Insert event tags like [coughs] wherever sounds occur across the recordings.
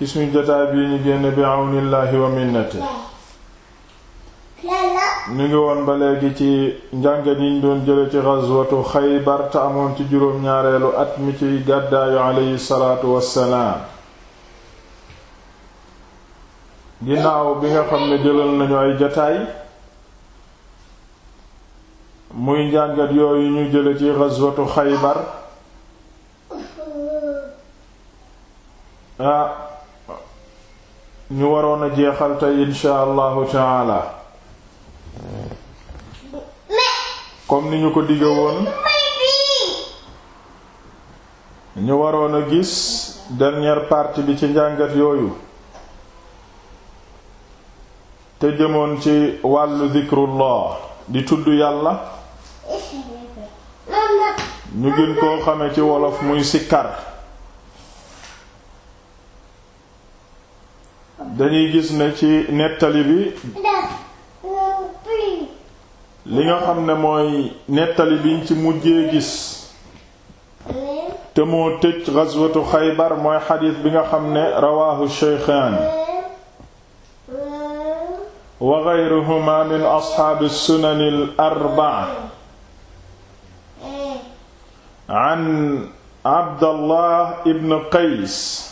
ci suñu jotaay bii ñu génn bi àwnillaahi wa minnati ñu ngi woon ba léegi ci njàngat yi ñu doon jële ci ghazwatu xaybar te amoon ci juróom ñaareelu at mi ci gàddaayu aleyhi salaatu wassalaam ginnaaw bi nga xam ne jëlal nañu ay jotaay muy njàngat yooyu ñu jële ci ghazwatu xaybar ah, ñu waroon a jeexal tey insha allahu taala comme ni ñu ko digga ñu waroon a gis dernière partie bi ci njàngat yooyu te jëmoon ci wàllu zikrullah di tudd yàlla ñu gën koo xame ci wolof muy sikkar dañuy gis na ci nettali bi li nga xam ne mooy nettali biñ ci mujjee gis te moo tëj ghazwatu xaybar mooy xadiis bi nga xam ne rawaahu shaykhaan wa ghayruhuma min ashaabi sunani al arba'a abdallah ibn qays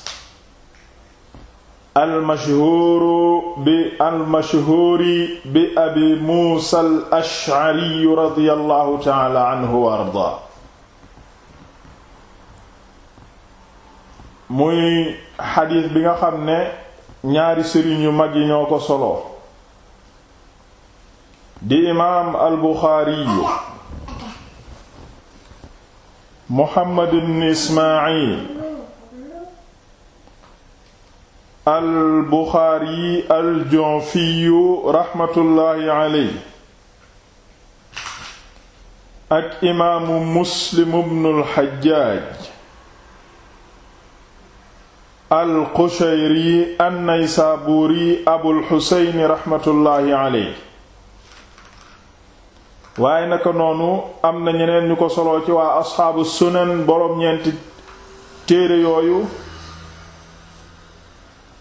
almashhuuru bi almashhuuri bi abi muusa al ash'ari radiyallahu ta'ala anhu wa ardaa muy xadiis bi nga xam ne ñaari sëriñ yu mag yi ko solo di imaam al buxaari muhammad ibn ismaayil al Buxaari al Ju'fiyu raxmatullaahi aleyhi ak imaamu Muslim ibnul Xajjaaj al Qushayri an-Naysaabuuri Abul Xuseyni raxmatullaahi aleyhi waaye naka noonu am na ñeneen ñu ko solo ci waa asxaabu sunan boroom ñeenti téere yooyu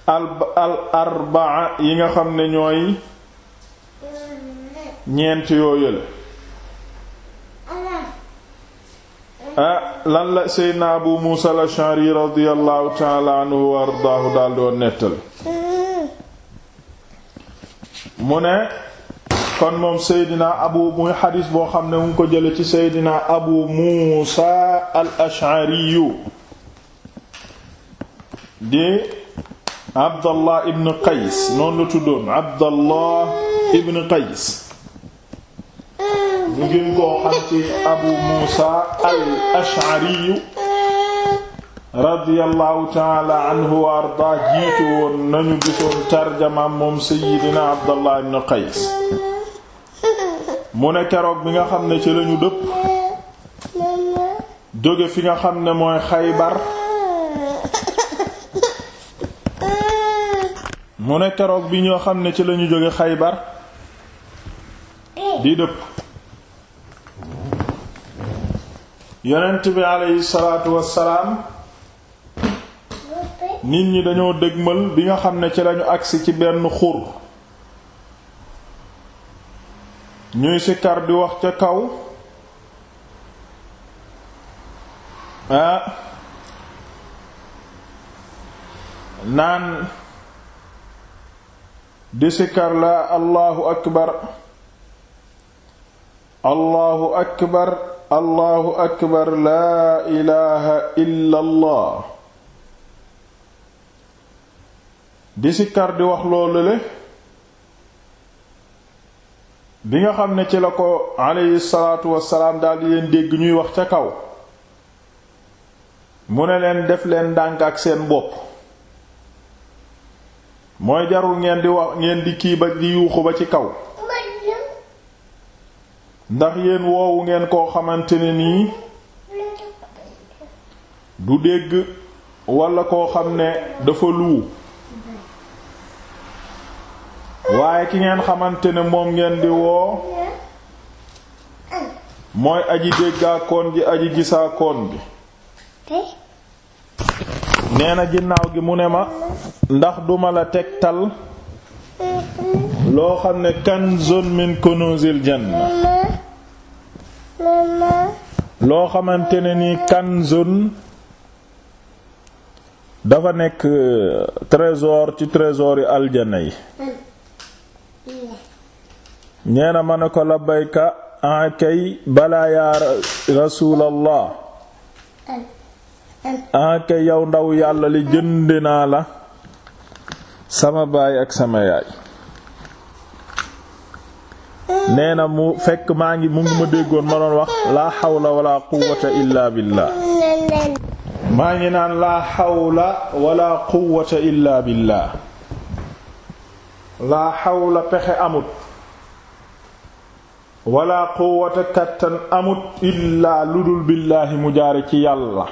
al arbaa yi nga xam ne ñooy ñeent yoo yële ah lan la seydna abu muusa al ashari radiallahu taala anhu wa ardaahu daal doon nettali mu ne kon moom seydna abu boo xam ne mu ko jële ci seydna abu muusa al ashari di abdallah ibn la tuddoon abdallah ibn qays ñu gën ci abu muusa al ashariyu radiyallahu taala anhu mu ne keroog bi nga xam ne ci lañu dëpp jóge fi nga xam ne mooy xaybar mu ne keroog bi ñoo xam ne ci lañu jóge xaybar di dëpp yonent bi aleyhi salaatu wassalaam nit ñi dañoo dëgmal bi nga xam ne ci lañu agsi ci benn xur ñuy kar di wax ca kaw ah. naan di sikar laa allahu akbar allahu akbar allahu akbar laa ilaha illa di sikar di wax loolu le bi nga xam ni ci la ko aleyhi salaatu wasalaam daldi leen dégg ñuy wax ca kaw mu ne leen def leen ndànk ak seen bopp mooy jarul ngeen di wax ngeen di kii ba di yuuxu ba ci kaw ndax yéen woowu ngeen koo xamante ne nii du dégg walla koo xam ne dafa luu waaye ki ngeen xamante ne moom ngeen di woo mooy aji déggaakoon ji aji gisaakoon bi nee ginnaaw gi mu ne ma ndax duma la tegtal loo xam ne kanzun min kunuzil janna loo xamante ne ni kan kanzun dafa nekk euh, trésor ci trésor yi aljana yi nee na ma ne ko labbayka akay ah balaa yaa rasuulallah aka yow ndaw yàlla li jënd naa la sama baay ak sama yaay na mu fekk maa ngi mu ma déggoon ma doon wax laa xawla wala quwwata illaa maa ngi naan laa xawla wala quwwata illaa billaa laa xawla pexe amut wala quwwata kattan amut illaa ludul billaa mu jaar ci yàlla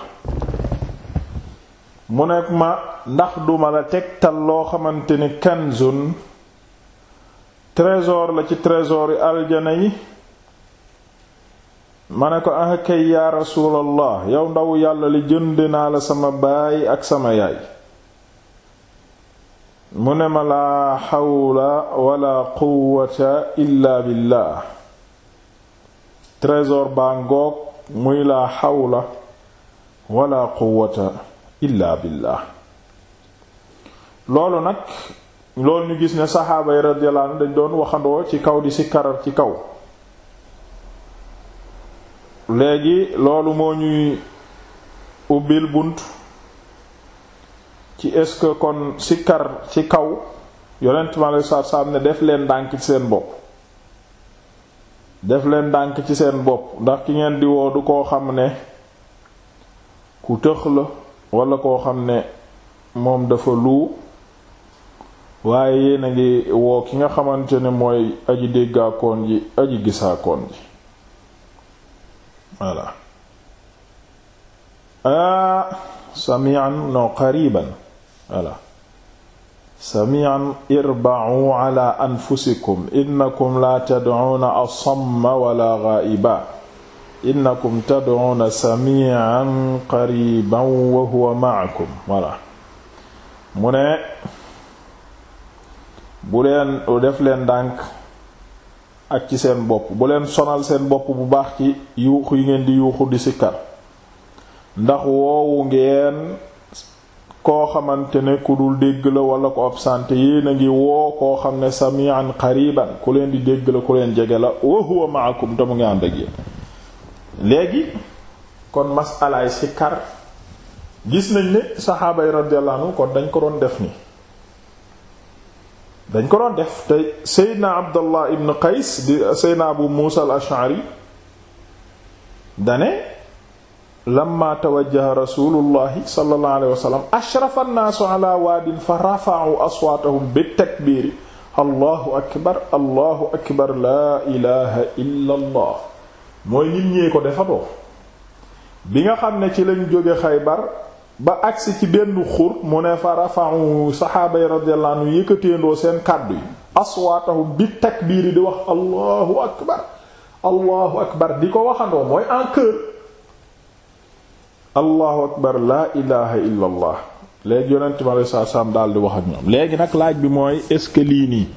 mu nekk ma ndax duma la tegtal loo xamante ni kanzun trésor la ci trésor yi aljana yi ma ne ko ah kay yaa rasuulallah yow ndaw yàlla li jënd naa la sama baay ak sama yaay mu ne ma laa xawla wala quwwata illa billah trésor baa ngoog muy laa xawla wala quwwata illa billah loolu nag loolu ñu gis ne saxaaba yi radiyallahu dañ doon waxandoo ci kaw di si karar ci kaw léegi loolu moo ñuy ubbil bunt ci est-ce que kon sikkar ci kaw yonent ma lay saar ne def leen ndànk ci seen bopp def leen dànk ci seen bopp ndax ki ngeen di woo du koo xam ne ku tëx la wala koo xam ne moom dafa lu waaye yéen ngi woo ki nga xamante ne mooy aji déggaakoon ji aji gisaakoon ji voilà a ah, samian no qariban samian irba'u anfusikum innakum la tad'una asamma wala ghaiba innakum tad'una sami'an qariban wa ma'akum voilà mu ne bu leen def leen ndànk ak ci seen bopp bu leen sonal seen bopp bu baax ci yuuxu yi ngeen di yuuxu di sikkar ndax woowu ngeen koo xamante ne ku dul dégg la wala ko absent yéen a ngi woo koo xam ne sami'an qariban ku leen di dégg la ku leen jege la wa huwa ma'akum te mu ngi ànd ak yéen léegi kon masalaay sikkar gis nañ ni saxaaba yi radiyallahu kon dañ ko doon def ni dañ ko def te Seydina Abdallah ibn Qays di Seydina Abu Muusa al-Ash'ari dane lamma tawajjaha rasulullahi sallallahu alayhi wa sallam ashrafa an-naasu ala waadin fa rafa'u aswaatahum bit-takbiiri allahu akbar allahu akbar laa ilaha illa mooy nit ñee ko defandoo bi nga xam ne ci lañu jóge Xaybar ba agsi ci benn xur mu ne fa rafa'u saxaaba yi radiyallahu yëkkateendoo seen kàddu yi aswaatahum bi takbiir yi di wax allahu akbar allahu akbar di ko waxandoo mooy en chœur allahu akbar laa ilaha illa allah léegi yonent mi alei daal di wax léegi nag laaj bi mooy est lii nii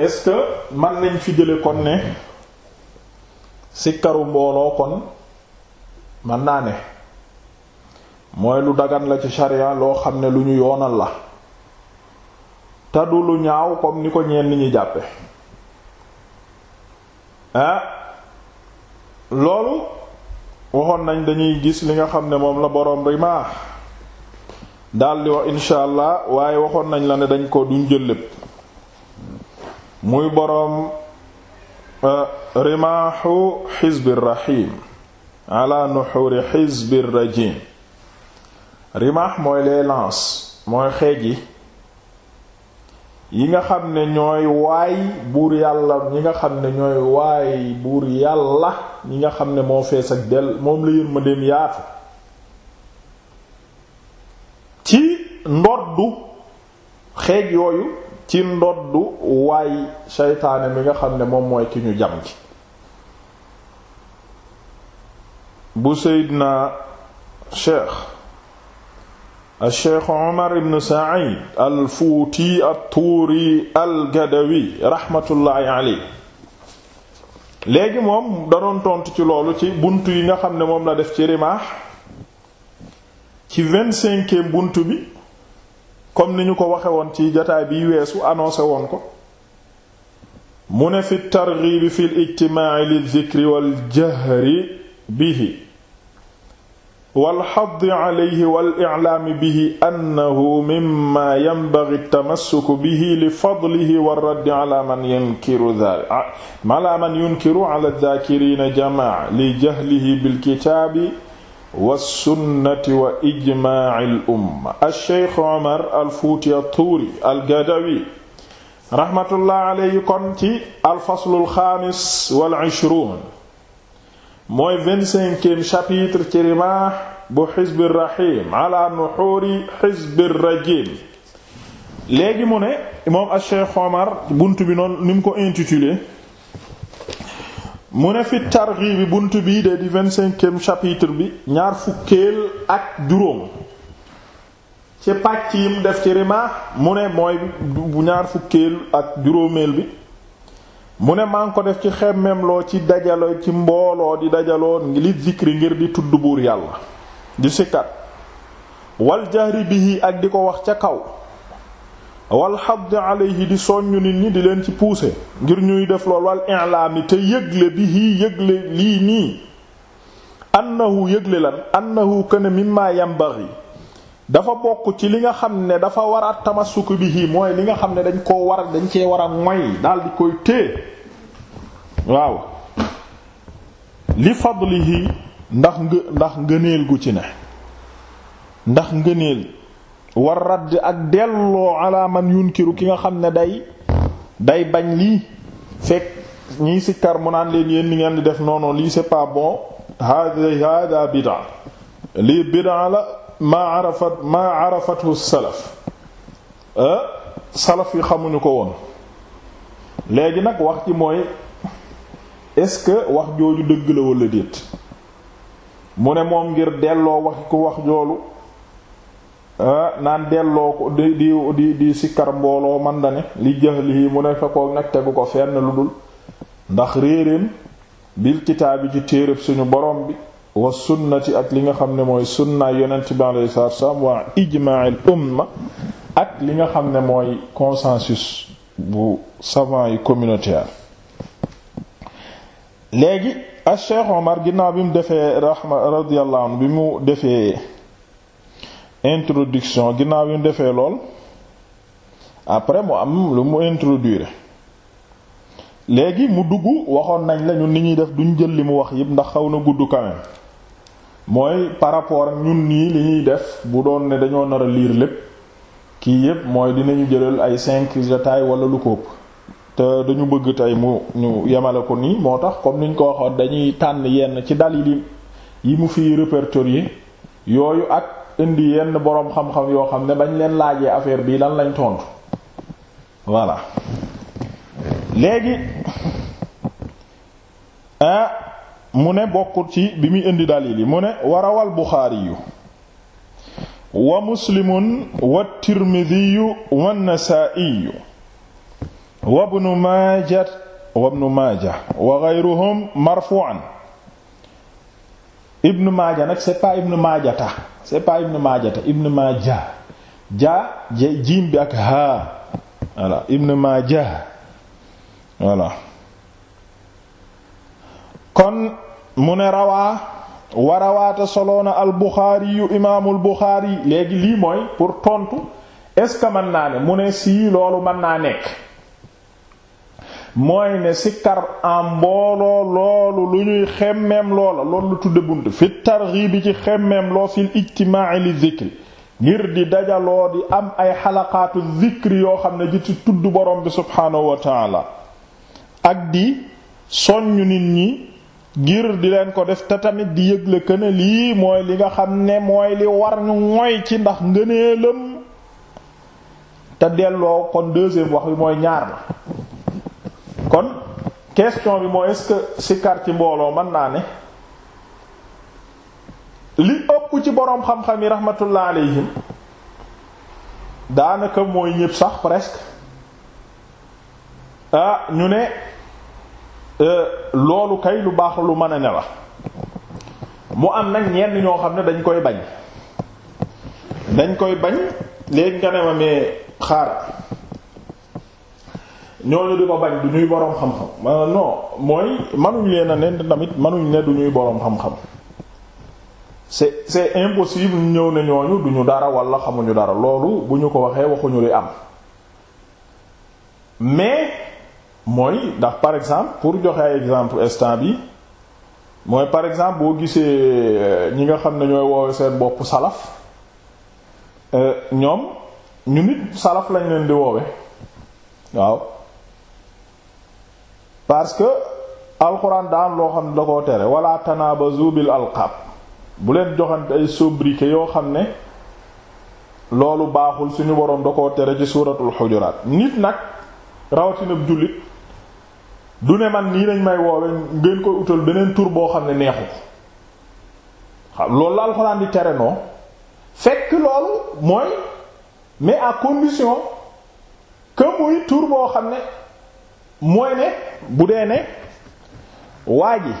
est-ce que fi jële kon ne sikkaru mbooloo kon man naa ne mooy lu dagan la ci sharia loo xam ne lu ñu yoonal la te lu ñaaw comme ni ko ñenn ñi jàppe ah loolu waxoon nañ dañuy gis li nga xam ne moom la boroom Rimaah daldi wax insha allah waaye waxoon nañ la ne dañ ko duñ jël lépp muy boroom Euh, rimaaxu xizbi raxiim ala nuxuri xizbi rajim rimaax mooy les lances mooy xeej yi yi nga xam ne ñooy waay buur yàlla ñi nga xam ne ñooy waay buur yàlla ñi nga xam ne moo fees ak del moom la yërmandeem yaatu ci ndoddu xeej yooyu ci ndoddu waay seytaane bi nga xam ne moom mooy ki ñu jam ji bu seydna cheikh al cheikh omar ibn said al fuuti al tuuri al gadawi raxmatullaahi aley léegi moom da tontu ci loolu ci bunt yi nga xam ne moom la def ci rimaax ci vingt-cinquième bunt bi comme ni ñu ko waxe woon ci jataay biy weesu annoncé woon ko mu ne fi targhiib fi lijtimaaci lildikri waljahri bihi walxaddi calayhi waliclaami bihi annahu mimma yanbaghi ltamassuku bihi lifadlihi warraddi ala man yunkiru ala man yunkiru ala daakiriina jamaa li jahlihi bilkitaabi wasunnati wa ijmaacil umma alcheikh omar alfuuti tuuri algadawi raxmatullah aleyhi kon ci alfaslu alxaamis wal ishruun mooy vingt-cinquième chapitre ci rimaax bu xizbi raxiim ala nuxuuri xizbi rajiim léegi mu ne moom alcheikh omar bunt bi noonu ni mu ko intitulé mu ne fit car fi bi bunt bii de di vingt-cinquième chapitre bi ñaar fukkeel ak juróom ci pàcc yi mu def ci rimaa mu ne mooy bu ñaar fukkeel ak juróomeel bi mu ne maa ngi ko def ci xemmemloo ci dajalo ci mbooloo di dajaloo li zikri ngir di tudd buur yàlla di sikkat wal bi bihi ak di ko wax ca kaw wal xaddi alayhi di soññu nit ñi di leen ci pousser ngir ñuy def lool wal i'laami te yëgle bi hii yëgle lii nii annahu yëgle lan annahu kana mimma yambaghi dafa bokk ci li nga xam ne dafa war a bi bihi mooy li nga xam ne dañ koo war dañ cee war a moy daal di koy téye waaw li fadlihi ndax ndax ngëneel gu ci ne ndax ngëneel war radd ak delloo ala man yunkiru ki nga xam ne day day bañ lii fekk ñii si mu naan leen yéen ni ngeen di def noonoon lii c'est pas bon hada hada bida lii bida la maa arafat maa arafathu salaf eh? salaf yi xamuñu ko woon léegi nag wax ci mooy est-ce que wax jooju dëgg la walla déet mu ne moom ngir delloo wax ku wax joolu Ah, naan delloo ko di di di sikkar mbooloo man da ne li jahlihi mu ne fekkoog nag tegu ko fenn lu dul ndax réeréem bil kitaabi ci téeréb suñu borom bi wa sunnati ak li nga xam ne mooy sunna yonent bi alayhi salaatu wassalaam waa ijmaa'il ak li nga xam ne mooy consensus bu savant yi communautaire léegi a ah, Cheikh Omar ginnaaw bi mu defee rahma radiyallahu anhu bi mu defee introduction ginnaaw yu defee lool après mu am lu mu introduire léegi mu dugg waxoon nañ la ñun ni ñuy def duñ jël li mu wax yépp ndax xaw na gudd quand mooy par rapport ak ñun nii li ñuy def bu doon ne dañoo nar a liir lépp kii yépp mooy dinañu jëlal ay cinq détails wala lu ko te dañu bëgg tey mu ñu yemale ko nii moo tax comme niñ ko waxoon dañuy tànn yenn ci dalil yi mu fi répertorier yooyu ak. indi yenn boroom xam-xam yoo xam ne bañ leen laajee affaire bii lan lañ tontu voilà léegi ah mu ne bokkut ci bi muy indi dalil yi mu ne warawal Buxaari wa muslimun wa tirmidiyu wa nasaa'iyu wa ibnu Maaja wa ibnu Maaja wa ghayruhum marfu'an ibnu Maaja nag c'est pas ibnu Maajata c'est pas ibn majata ibn majah ja jiim bi ak haa voilà ibn majah voilà kon mu ne rawaa wa rawaata soloona al buxaari yu imaamul buxaari léegi lii mooy pour tontu est ce que mën naa ne mu ne sii loolu mën naa nekk mooy ne sikkar am mbooloo loolu lu ñuy xemmeem loola loolu tudde bunt fi targhibi ci xemmeem loo fil ijtimaa'i li zikri ngir di dajaloo di am ay xalaqaatu zikri yoo xam ne ji ci tudd borom bi subhaanahu wa ak di soññ nit ñi ngir di leen ko def te tamit di yëgle que ne lii mooy li nga xam ne mooy li war ñu mooy ci ndax ngëneelam te delloo kon deuxième wax bi mooy ñaar la kon question bi moo est-ce sikar ci mbooloo mën naa ne li ëpp ci boroom xam-xam yi rahmatullah alayhim daanaka mooy ñépp sax presque ah ñu ne euh, loolu kay lu baax lu mën a ne la mu am nag ñenn ñoo xam ne dañ koy bañ dañ koy bañ léegi nga ne ñooñu di ko bañ du ñuy boroom xam-xam non mooy mënuñ leen a ne tamit mënuñ ne du ñuy boroom xam-xam c'est c'est impossible ñëw ne ñooñu duñu dara walla xamuñu dara loolu bu ñu ko waxee waxuñu li am mais mooy ndax par exemple pour joxe ay exemple instant bi mooy par exemple boo gisee euh, ñi nga xam ne ñooy woowe seen bopp salaf euh, ñoom ñu nit salaf lañ leen di woowe waaw parce que alxuraan daa am loo xam ne da koo tere wala tanaabazu bil alqaab bu leen joxante ay sobriquet yoo xam ne loolu baaxul suñu boroom da koo tere ci suuratul xujuraat nit nag rawatina jullit du ne man nii lañ may woowe ngeen koy utal beneen tur boo xam ne neexu xam loolu la alxuraan di tere noo fekk loolu mooy mais à condition que tur boo xam ne mooy ne bu dee ne waa ji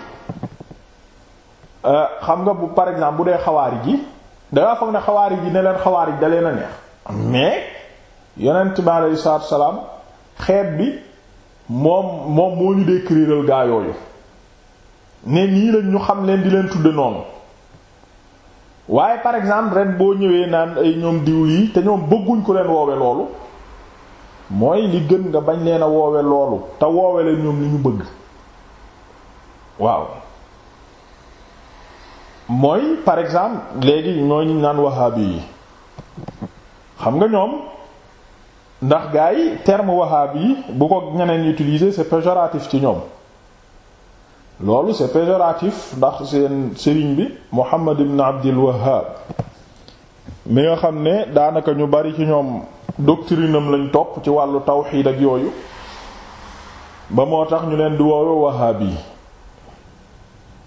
euh, xam nga bu par exemple bu dee xawaari ji dangaa foog ne xawaari ji ne leen xawaari ji da na a neex mais yonent bi aleyhi salaatu salaam xeet bi moom moom moo ñu décriral gaa yooyu ne nii lañ ñu xam leen di leen tudd noonu waaye par exemple rek boo ñëwee naan ay ñoom diw yi te ñoom bëgguñ ko leen woowe loolu mooy li gën nga bañ leen a woowe loolu te woowe leen ñoom li ñu bëgg waaw mooy par exemple léegi ñoo ñu naan wahaabi yi xam nga ñoom ndax gars yi terme wahaabi yi bu ko ñeneen utiliser c'est péjoratif ci ñoom loolu c'est péjoratif ndax seen sëriñ bi Muhammad ibn Abdul Wahhab mi nga xam ne daanaka ñu bari ci ñoom doctrine am lañ topp ci wàllu tawxiid ak yooyu ba moo tax ñu leen di woowe wahabi yi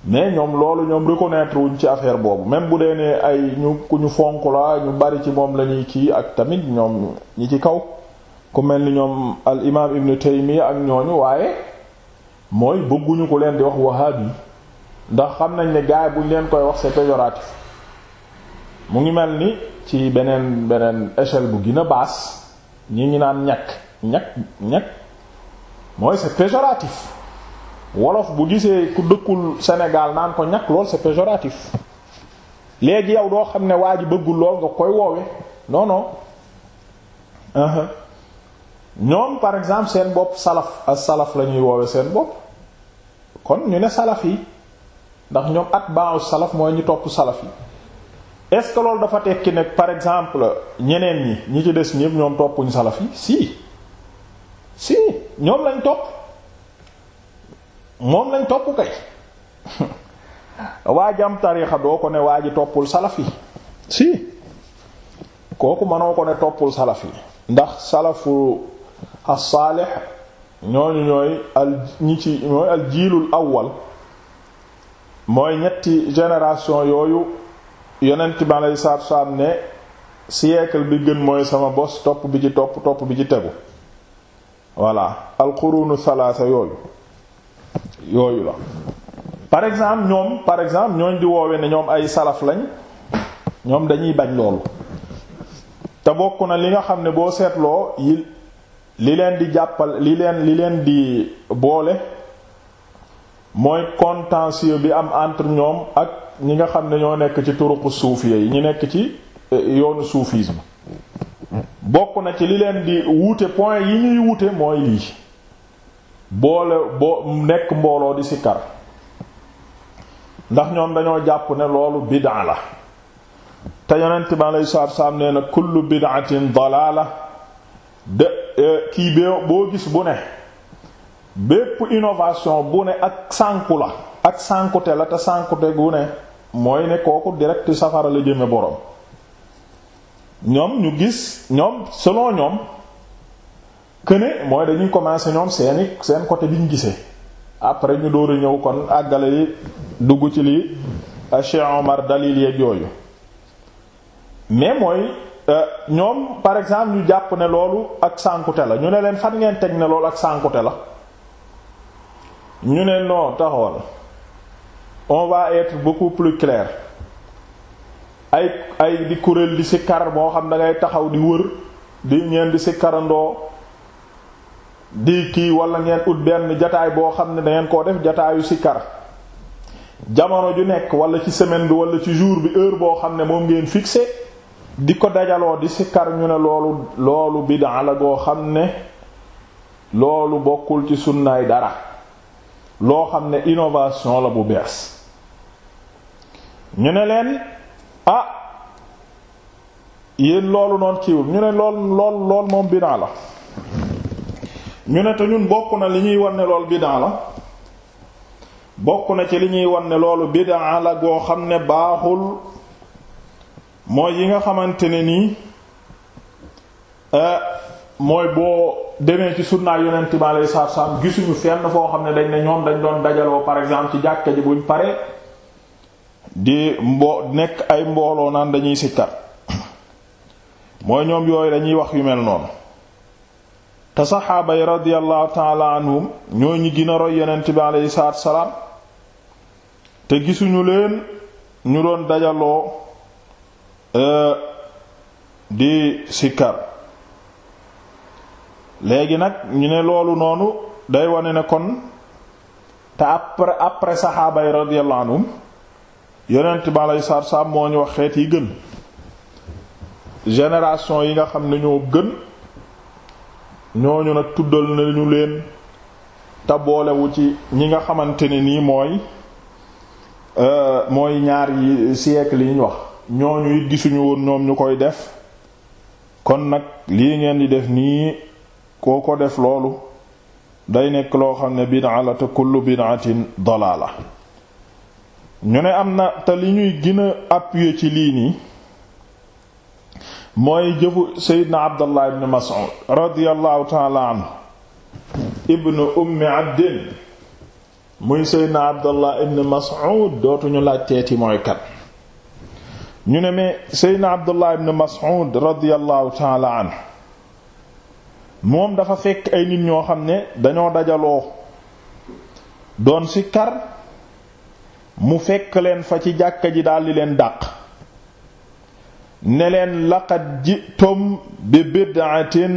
mais ñoom loolu ñoom reconnaître wuñ ci affaire boobu même bu dee ne ay ñu ku ñu fonk la ñu bari ci moom lañuy kii ak tamit ñoom ñi ci kaw ku mel ni ñoom al imaam ibnu taymiya ak ñooñu waaye mooy bëgguñu ko leen di wax wahabi ndax xam nañ ne gaay buñ leen koy wax c'est péjoratif mu ngi mel ni ci beneen beneen échelle bu gën a baas ñi ngi naan ñakk ñakk ñakk mooy c'est péjoratif wolof bu gisee ku dëkkul Sénégal naan ko ñakk lool c'est péjoratif léegi yow doo xam ne waa ji bëggul lool nga koy woowe non non uh-huh. ñoom par exemple seen bopp salaf ak salaf la ñuy woowe seen bopp kon ñu ne salaf yi ndax ñoom at baaxu salaf mooy ñu topp salaf yi est-ce que loolu dafa tekki ne par exemple ñeneen ñi ñi ci des ñépp ñoom toppuñu salafi si si ñoom lañ topp moom lañ topp kay [laughs] waa jam tariixa doo ko ne waa ji toppul salafi si kooku mënoo ko ne toppul salafi ndax salafu as-salih ñooñu ñooy al ñi ci ñooy al jiilul awwal mooy ñetti génération yooyu yonent bi aleyhi salaatu salaam ne siècle bi gën mooy sama bos topp bi ci topp topp bi ci tegu voilà alxurunu salaasa yooyu yooyu la par exemple ñoom par exemple ñooñ di woowe ne ñoom ay salaf lañ ñoom dañuy bañ loolu te bokk na li nga xam ne boo seetloo yi li leen di jàppal li leen li leen di boole mooy contentieux bi am entre ñoom ak ñi nga xam ne ñoo nekk ci turuqu suufiya yi ñi nekk ci eh, yoonu soufisme bokk na ci li leen di wuute point yi ñuy wuute mooy lii boole boo nekk mbooloo di sikkar ndax ñoom dañoo jàpp ne loolu bid'a la te yonent bi aleyhi salaatu salaam nee na kullu bid'atin dalaala de eh, kii boo gis bu ne bépp innovation bu ne ak sànku la ak sànkute la te sànkute gu ne mooy ne kooku direct safara la jëme borom ñoom ñu gis ñoom selon ñoom këne mooy dañuy commencer ñoom seeni seen côté bi ñu gisee après ñu dóoru ñëw kon àggale yi dugg ci li Cheikh Omar dalil yeeg yooyu mais mooy euh, ñoom par exemple ñu jàpp ne loolu ak sànkute la ñu ne leen fan ngeen teg ne loolu ak sànkute la ñu ne noo taxawal on va être beaucoup plus clair ay ay di kuréel di sikkar moo xam da ngay taxaw di wër di ngeen di si sikkarandoo di kii wala ngeen ut benn jataay boo xam ne dangeen koo def jataayu sikkar jamono ju nekk wala ci semaine bi wala ci jour bi heure boo xam ne moom ngeen fixé di ko dajaloo di si sikkar ñu ne loolu loolu bid'a la goo xam ne loolu bokkul ci sunnaay dara loo xam ne innovation la bu bees ñu ne leen a ah, yéen loolu noonu kiiwul ñu ne lool lool lool moom bidaa la ñu ne te ñun bokk na li ñuy wan ne loolu bidaa la bokk na ci li ñuy wan ne loolu bidaa la goo xam ne baaxul mooy yi nga xamante ne nii eh, mooy boo demee ci sunnaa yonent bi alayhi salaatu salaam gisuñu fenn foo xam ne dañ ne ñoom dañ doon dajaloo par exemple ci jàkka ji buñ pare di mbo nekk ay mbooloo naan dañuy sikkar mooy ñoom yooyu dañuy wax yu mel noonu te saxaaba yi radiyallahu taala anhum ñoo ñi gën a roy yonent bi aleyhi salaam te gisuñu leen ñu doon dajaloo euh, di sikkar léegi nag ñu ne loolu noonu day wane ne kon te après après saxaaba yi radiyallahu yonent bi aleyhi salaatu salaam moo ñu wax xeet yi gën génération yi nga xam ne ñoo gën ñooñu nag tuddal nañu leen te boolewu ci ñi nga xamante ne nii mooy euh, mooy ñaar yi siècle yi ñu wax ñooñu it gisuñu woon ñoom ñu koy def kon nag lii ngeen di def nii koo ko def loolu day nekk loo xam ne bid'a la te kullu bid'atin la ñu ne am na te li ñuy gën a ci lii nii mooy jëfu Seydina Abdallah ibn Mas'ud radiyallahu ta'ala anhu ibn ummi abdin muy Seydina Abdallah ibn Mas'ud dootuñu laajteeti mooy kat ñu ne mais Seydina Abdallah ibn Mas'ud radiyallahu ta'ala anhu moom dafa fekk ay nit ñoo xam ne dañoo dajaloo doon si kar mu fekk leen fa ci jàkka ji daldi leen dàq ne leen ji tom bi bid'atin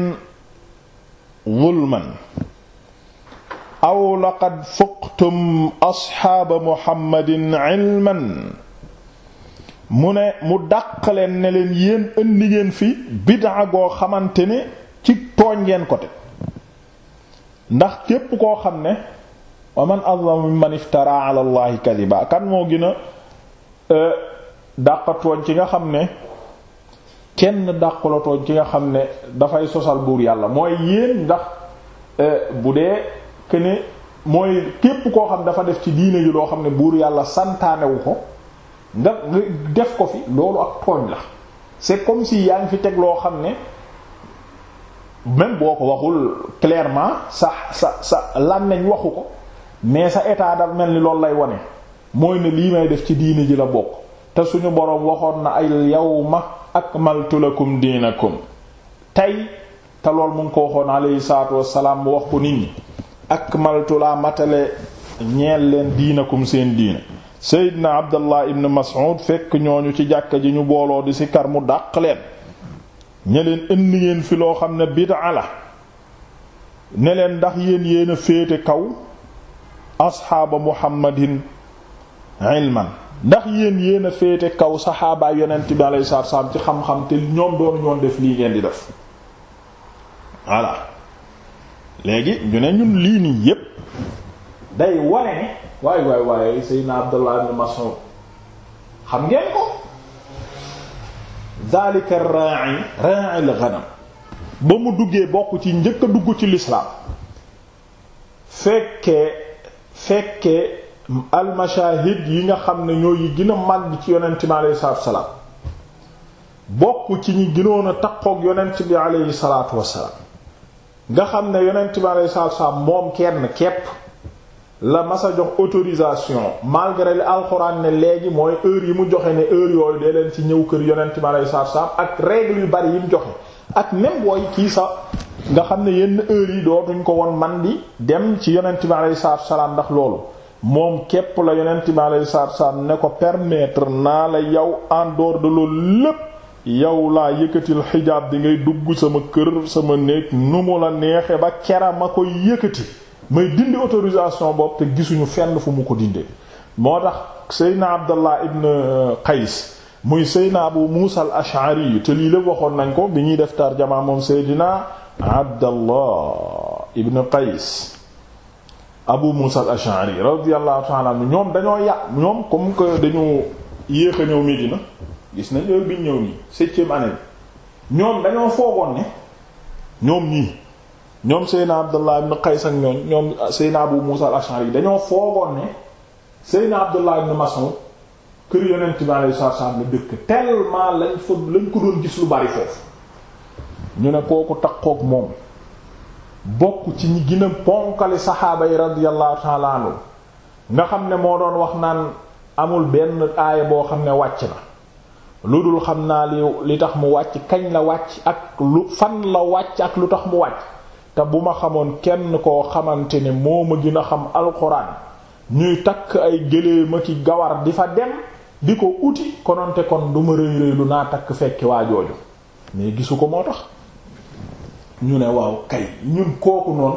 zulman aw laqad fuqtum asxaaba muhammadin ilman mu ne mu dàq leen ne leen yéen fi bid'a goo xamante ni ci tooñ ngeen ko te ndax képp koo xam ne wa man azlamu mimman iftara ala allahi kadiba kan moo gën a euh, dàqatooñ ci nga xam ne kenn dàqalatooñ ci nga xam ne dafay sosal buur yàlla mooy yéen ndax euh, bu dee que ne mooy képp koo xam dafa def ci diine ji loo xam ne buur yàlla santaanewu ko nga def ko fi loolu ak tooñ la c'est comme si yaa ngi fi teg loo xam ne même boo ko waxul clairement sa sa sa lan nañ waxu ko mais sa état daf mel ni loolu lay wane mooy ne lii may def ci diini ji la bokk te suñu boroom waxoon na ay al yawma akmaltu lakum diinakum tey te lool mu ngi ko waxoon alayhi salaatu wassalaam mu wax ko nit ñi akmaltu laa matale ñeel leen diinakum seen diina seydina abdallah ibn mas'ud fekk ñooñu ci jàkka ji ñu booloo di ci kar mu dàq leen ñe leen indi ngeen fi loo xam ne bid'a la ne leen ndax yéen yéen a féete kaw asxaaba muhammadin ilman ndax yéen yéen a féete kaw saxaabaay yonent bi alayhi salaatu salaam ci xam-xam te ñoom doon ñoon def lii ngeen di def voilà léegi ñu ne ñun lii nii yépp day ware ne waay waay waay Seydina Abdullah ibn Mas'ud xam ngeen ko zalika ra'i ra'i al-ghanam ba mu duggee bokk ci njëkk a dugg ci lislaam fekkee fekkee almashaahid yi nga xam ne ñoo yi gën a màgg ci yonent bi aleyhi salaatu wasalaam bokk ci ñi gënoon a takkook yonent bi aleyhi salaatu wasalaam nga xam ne yonent bi aleyhi salaatu wasalaam moom kenn képp la masa jox autorisation malgré li alxuraan ne léegi mooy heure yi mu joxe ne heure yooyu dee leen ci ñëw kër yonent bi aleyhi salaatu wasalaam ak règle yu bari yi mu joxe ak même booy kii sax nga xam ne yenn heures yi dootuñ ko woon man di dem ci yonent bi alayhi salaatu salaam ndax loolu moom képp la yonent bi alayhi salaatu salaam ne ko permettre naa la yow en dehors de loolu lépp yow laa yëkkatil xijaab di ngay dugg sama kër sama néeg nu mu la neexee ba kera ma koy yëkkati may dindi autorisation bopp te gisuñu fenn fu mu ko dindee moo tax Seydina Abdallah ibn Qays muy seydna abu muusa al ash'ari te lii lépp waxoon nañ ko bi ñuy def tarjama moom seydna abdallah ibn qays abu muusa al ash'ari radiyallahu ta'ala anhu ñoom dañoo yà ñoom comme que dañoo yéex a ñëw Médina gis nañ heure ñëw nii septième année bi ñoom dañoo foogoon ne ñoom ñii ñoom seydna abdallah ibn qays ak ñoom ñoom seydna abu muusa al ash'ari dañoo foogoon ne seydna abdallah ibn mas'ud kër yonent bi alayhi salaatu salaam la dëkk tellement lañ lañ ko doon gis lu bari foofu ñu ne kooku takkook moom bokk ci ñi gën a ponkali saxaaba yi radiyallahu ta'ala nga xam ne moo doon wax naan amul benn aaya boo xam ne wàcc na lu dul xam naa li li tax mu wàcc kañ la wàcc ak lu fan la wàcc ak lu tax mu wàcc te bu ma xamoon kenn koo xamante ne moo ma gën a xam alxuraan ñuy takk ay gëléema ki gawar di fa dem di ko uti kononte kon du ma rëy rëy naa takk fekki waa jooju mais gisu ko moo tax ñu ne waaw kay ñun kooku noonu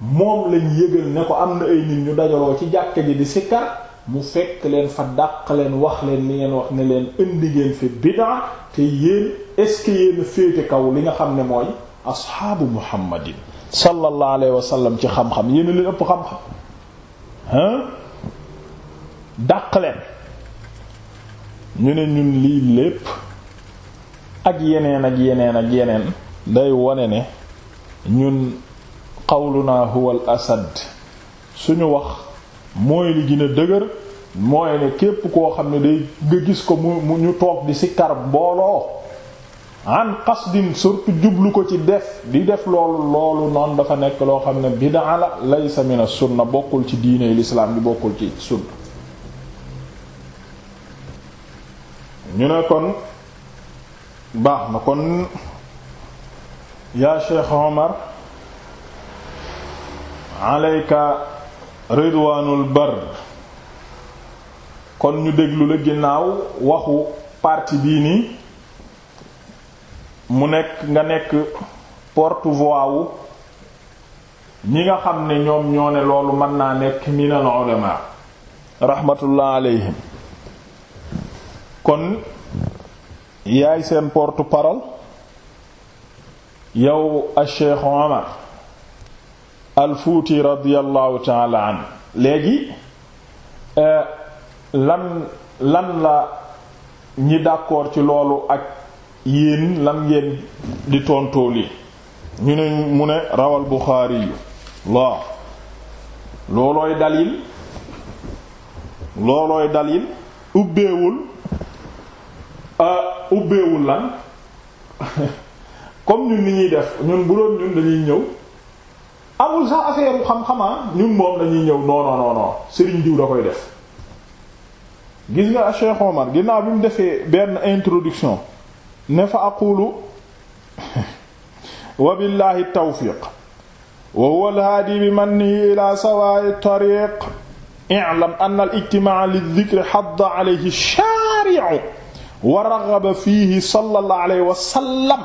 moom lañ yëgal ne ko am na ay nit ñu dajaloo ci jàkka ji di sikkar mu fekk leen fa dàq leen wax leen li ngeen wax ne leen indi ngeen fi bid'a te yéen est-ce que yéen féete kaw li nga xam ne mooy asxaabu muhammadin sallallahu alayhi wa sallam ci xam-xam yéen a leen ëpp xam-xam ah dàq leen ñu ne ñun lii lépp ak yeneen ak yeneen ak yeneen day wone ne ñun qawluna huwal asad suñu wax mooy li gën a dëgër mooy ne képp koo xam ne day nga gis ko mu ñu toog di sikkar booloo an qasdin surtout jublu ko ci def di def loolu loolu noonu dafa nekk loo xam ne bid'a la laysa min as-sunna bokkul ci diine l'islam bi bokkul ci sunna ñu ne kon baax na kon yaa Cheikh Omar aleyka ridwaanul bar kon ñu déglu la ginnaaw waxu parti bii nii mu nekk nga nekk porte-voix ñi nga xam ne ñoom ñoo ne loolu mën naa nekk minal ulama rahmatullah aleyhim kon yaay seen porte-parole yow Cheikh Omar al Fuuti radiyallahu taala an léegi euh, lan lan la ñi d'accord ci loolu ak yéen lan ngeen di tontoo lii ñu ne mu ne rawal Buxaari yu waaw loolooy dalil loolooy dalil ubbeewul Ah, ubbeewul lan [laughs] comme ñun ni ñuy def ñun bu doon ñun dañuy ñëw amul sax affaire bu xam-xamaa ah. ñun moom dañuy ñëw non non non Serigne Diouf da koy def gis nga Cheikh Omar ginnaaw bi mu defee benn introduction ne fa aqulu [laughs] wa billahi tawfiq wa huwa alhaadi bi mannihi ila sawaa'i tariq i'lam anna al-ijtimaa li-dhikri hadda alayhi ash-shaari'u wa raghaba fiihi sallallahu alayhi wa sallam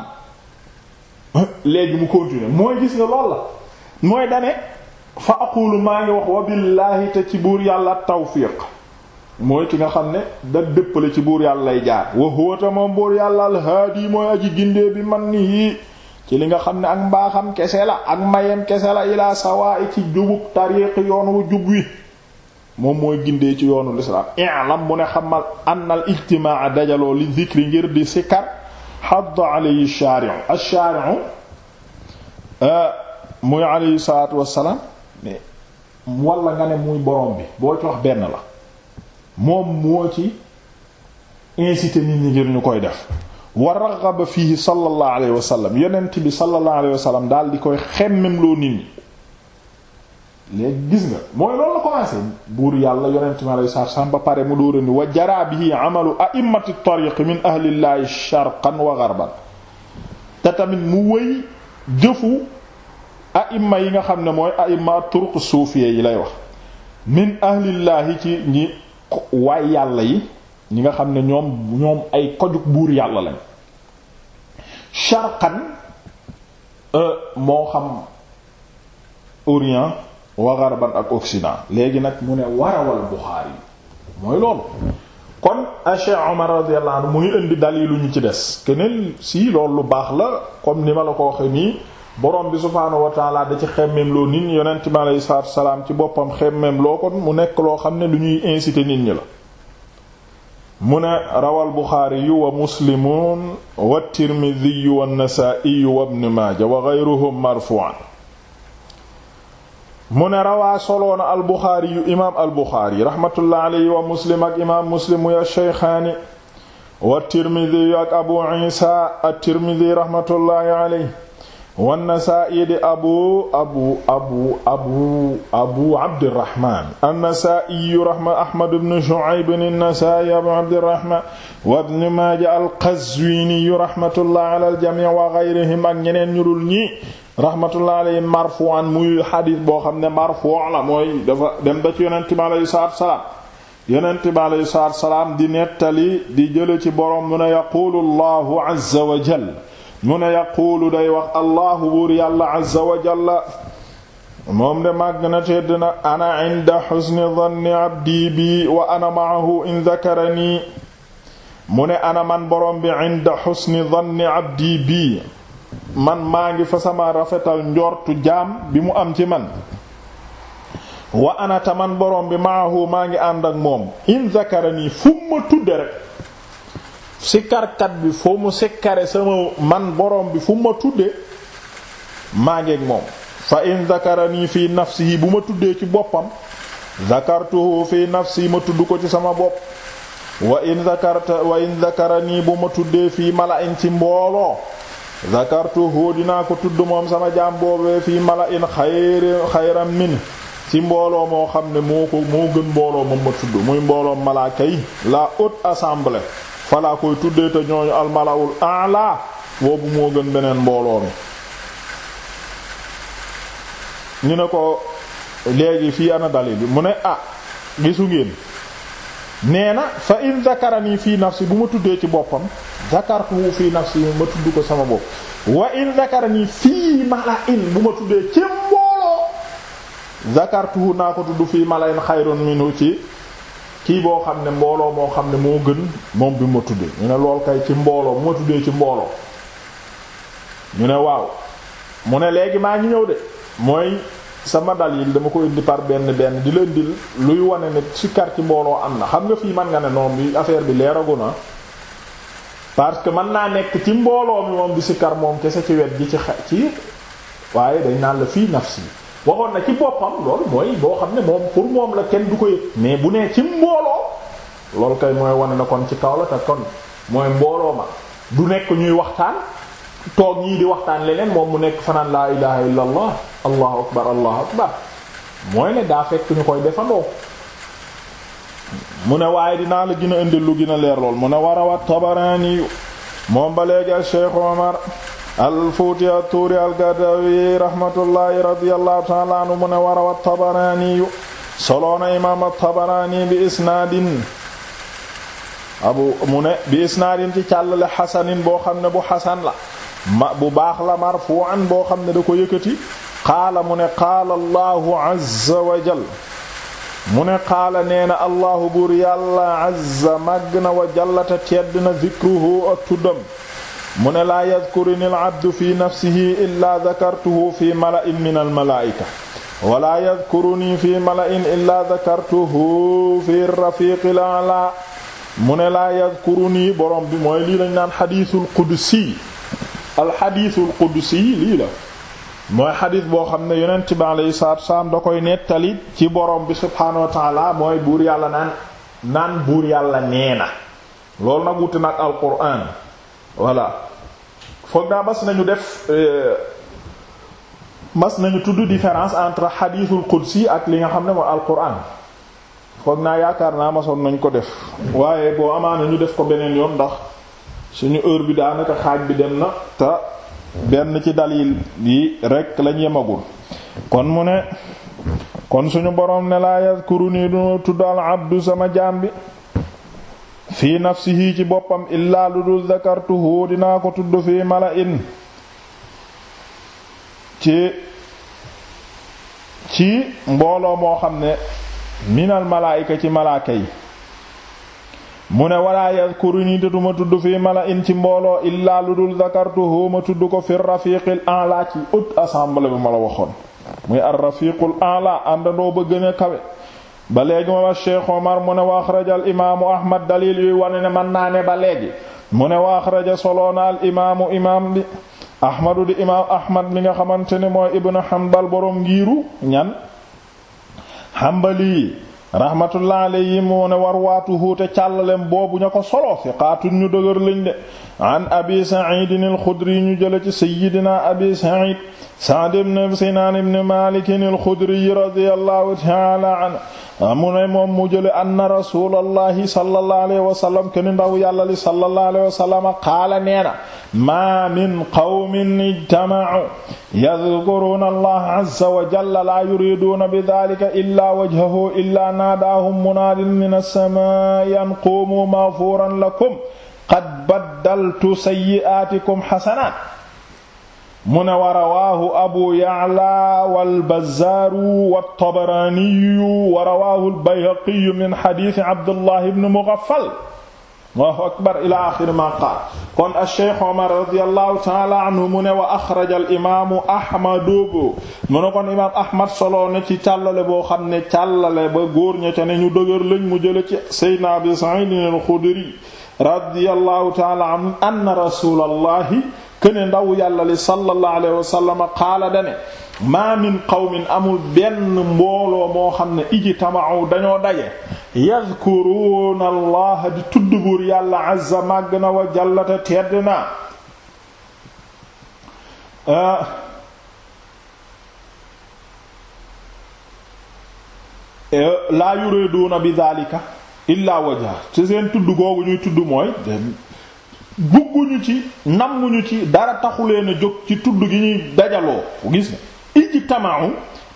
léegi mu continuer mooy gis nga lool la mooy dane fa aqulu maa ngi wax wa billaahi te ci buur yàlla tawfiq mooy ki nga xam ne da dëppale ci buur yàlla lay jaar wa huwa buur yàlla alhaadi mooy aji gindee bi man ni yii ci li nga xam ne ak mbaaxam kese la ak mayem kese la ilaa sawaa ci jubub tariiq yoon wu jub wi moom mooy gindee ci yoonu lislaam i'lam mu ne xamal anna al ijtimaa dajaloo li zikri ngir di sikar xadd alayhi shaari'u ash-shaari'u euh, muy alayhi salaatu wassalaam wala nga ne muy borom bi boo ci wax benn la moom moo ci incité nit ñi ngir ñu koy def wa raghaba fihi sallallahu alayhi wa sallam yonent bi sallallahu alayhi wa daal di koy xemmem loo nit ñi léegi gis nga mooy loolu la buur yàlla yonent mi alayhi salaatu ba pare mu dóora ni wa jara bihi amalu a'immati tariq min ahlillahi sharqan wa gharban te tamit mu wëy jëfu a'imma yi nga xam ne mooy a'imma turuq suufiya yi lay wax min ahlillaahi ci ñi waay yàlla yi ñi nga xam ne ñoom ñoom ay kojug buur yàlla lañ sharqan euh, moo xam orient wa gharban ak occident léegi nag mu ne warawal Buxaari mooy loolu kon Cheikh Omar radiyallahu anhu muy indi dalilu ñu ci des keneen si loolu lu baax la comme ni ma la ko waxee nii borom bi subhaanahu wa da ci xemmeem loo nit ñi yonent mi salaam ci boppam xemmeem loo kon mu nekk loo xam ne lu ñuy insité nit ñi la. mu ne rawal Buxaari wa muslimun wa tirmidhi wa nasaa'i wa ibn maaja wa ghayruhum marfu'an mu ne rawaa soloona albuxaari yu imaam albuxaari raxmatullah alayhi wa muslim ak imaam muslim muy ash-shaykhaani wa tirmidi yu ak abu isa at-tirmidi raxmatullaahi alayhi wannasaa'i di abu abu abu abu abu abdirahman annasaa'iyu rahma ahmad ibn shu'ayb annasaa'i abu abdirahman wa ibn maaja alqazwiiniyu rahmatullahi ala aljamii wa gayrihim ak ñeneen ñu dul ñi rahmatullah alayhi marfu'an muy xadiis boo xam ne marfu' la mooy dafa dem ba ci yonent bi alayhi salaatu salaam yonent bi alayhi salaatu salaam di nettali di jële ci boroom mu ne yaquulu allahu azza wa jal mu ne yaquulu day wax allahu buur yàlla azza wa jalla moom de màgg na tedd na ana inda xusni danni abdi bi wa ana maahu in dakarani mu ne ana man boroom bi inda xusni danni abdi bi man maa ngi fa sama rafetal njortu jaam bi mu am ci man wa anata man borom bi maahu maa ngi ànd ak moom in zakarani fu ma tudde rek sikkarkat bi foo mu sikkare sama man borom bi fu ma tudde maa ngi ak moom fa in zakarani fi nafsihi bu ma tuddee ci boppam zakartuhu fi nafsi ma tudd ko ci sama bopp wa in zakarta wa in zakarani bu ma tuddee fii mala'in ci mbooloo zakartuhu dinaa ko tudd moom sama jaam boobee fii mala in xayri xayran min ci mbooloo moo xam ne moo ko moo gën mbooloo moom ma tudd muy mbooloo malaaka yi la haute assemblée falaa koy tuddee te ñooñu almalawul a'la boobu moo gën beneen mbooloo mi ñu ne ko léegi fii ana dalil bi mu ne ah gisu ngeen nee na fa in nii fii si bu ma tuddee ci boppam zakartuhu fii nafsi ma tudd ko sama bopp wa in zakarani fii mala'in bu ma tuddee ci mbooloo zakartuhu naa ko tudd fii mala mala'in xayrun minhu ci kii boo xam ne mbooloo moo xam ne moo gën moom bi ma tuddee ñu ne lool kay ci mbooloo bu ma tuddee ci mbooloo ñu ne waaw mu ne léegi maa ngi ñëw de mooy sama dalil dama ko indi par benn benn di la indil luy wane ne sikkar ci mbooloo am na xam nga fii man nga ne noonu bi affaire bi leeragu na parce que mën naa nekk ci mbooloo mi bi si sikkar moom kese ci wet bi ci xa ci waaye dañ naan la fii nafsi waxoon na ci boppam loolu mooy boo xam ne moom pour moom la kenn du koy mais bu nee ci mbooloo loolu kay mooy wane na kon ci kaw la te kon mooy mbooloo ma du nekk ñuy waxtaan toog yii waxtaan leneen moom mu nekk fanaan laa ilaha illa allahu akbar allahu akbar mooy daa fekk koy defandoo mu ne la gën a indil lu gën a leer lool mu ne moom ba al cheikh omar al fuuti al tuuri al gadawi rahmatullahi radiyallahu ta'ala anhu mu ne warawa tabarani soloona imaam al tabarani bi isnaadin abu mu bi isnaadin ci càllale xasanin boo xam ne bu xasan la ma bu baax la marfu'an boo xam ne da ko yëkkati qaala mu ne qaala allahu azza wa jal mu ne nee na allahu buur yàlla azza màgg na wa jallata tedd na zikruhu ak tuddam mu ne laa yadkuruni al abdu fi nafsihi illaa dakartuhu fi mala'in min al malaa'ika wala yadkuruni fi mala'in illaa dakartuhu fi rafiqi la'la mu ne laa yadkuruni borom bi mooy lii lañ naan xadiisul qudsi alxadiisul qudsi lii la mooy xadis boo xam ne yonent bi alayhi salaatu wasalaam da koy nettali ci borom bi subhaanahu wa taala mooy buur yàlla naan naan buur yàlla nee na loolu nag wuti nag alquran voilà foog naa mas nañu def euh, mas nañu tudd différence entre xadiisul qudsi ak li nga xam ne mooy alquran foog naa yaakaar naa masoon nañ ko def waaye boo amaana ñu def ko beneen yoon ndax suñu heure bi daanaka xaaj bi dem na te benn ci dalil yi rekk lañ yemagul kon mu ne kon suñu borom ne laa yadkuru nii duma tudd al abdu sama jaam bi fii nafsihi ci boppam illaa lu dul zakartuhu dinaa ko tudd fii mala in ci ci mbooloo moo xam ne minal malaayika ci malaaka yi mu ne walaa yadkuruni te duma tudd fii mala in ci mbooloo illaa lu dul zakartuhu ma tudd ko fi rafiqil a'la ci haute assemblée bi ma la waxoon muy ar rafiqul a'la àndandoo ba gën a kawe ba léegi moom a cheikh omar mu ne wa al imaamu ahmad dalil yuy wane ne mën naa ne ba léegi mu ne wa axraja soloona al imaamu imaam bi ahmadu di imaam ahmad mi nga xamante ne mooy ibnu hanbal boroom ngiiru ñan hanbali rahmatullah alayhi moo ne war waatu huute càllalem boobu ña ko solo siqaatun ñu dëgër lañ de an abi saidin alxudri ñu jële ci sayidina abi said saad ibn sinaan ibn malikin alxudriyi radiyallahu taala anhu mu ne moom mu jële anna rasulallahi sallallahu alayhi wa sallam ken ndaw yàlla li sallallahu alayhi wa sallam qaala neena maa min qawmin ijtama'u yadhkuruna allaha azza wa jalla laa yuriduuna bi dhalika illaa wajhahu illaa naadaahum munaadin min as-samaa'i an qumu maghfuuran lakum qad baddaltu sayyi'aatikum xasanaat mu ne wa rawaahu abu ya'la wal bazzaaru wat tabaraaniyu wa rawaahu al bayhaqiyu min xadiisi abdullahi ibn mughaffal allahu akbar ila axiri ma qaal kon acheikh omar radiallahu taala anhu mu ne wa axraja al imaamu ahmadu mu ne kon imaam ahmad soloo ne ci càllale boo xam ne càllale ba góor ña ca ne ñu dëgër lañ mu jële ci sayyidina abi sa'id al xudri radiyallahu an anna rasulallahi këne ndaw yàlla li sallallahu alayhi dane maa min qawmin amul benn mbooloo moo xam ne iji tamaaw dañoo daje yadkuruuna allaha di tudd buur yàlla azza màgg na wa jallata tedd na eh, eh, laa yuriduuna bi daalika illaa wajha ci seen tudd googu ñuy tudd mooy bugguñu ci ñu ci dara taxuleen a jóg ci tudd gi ñuy dajaloo gis na iji tamaaw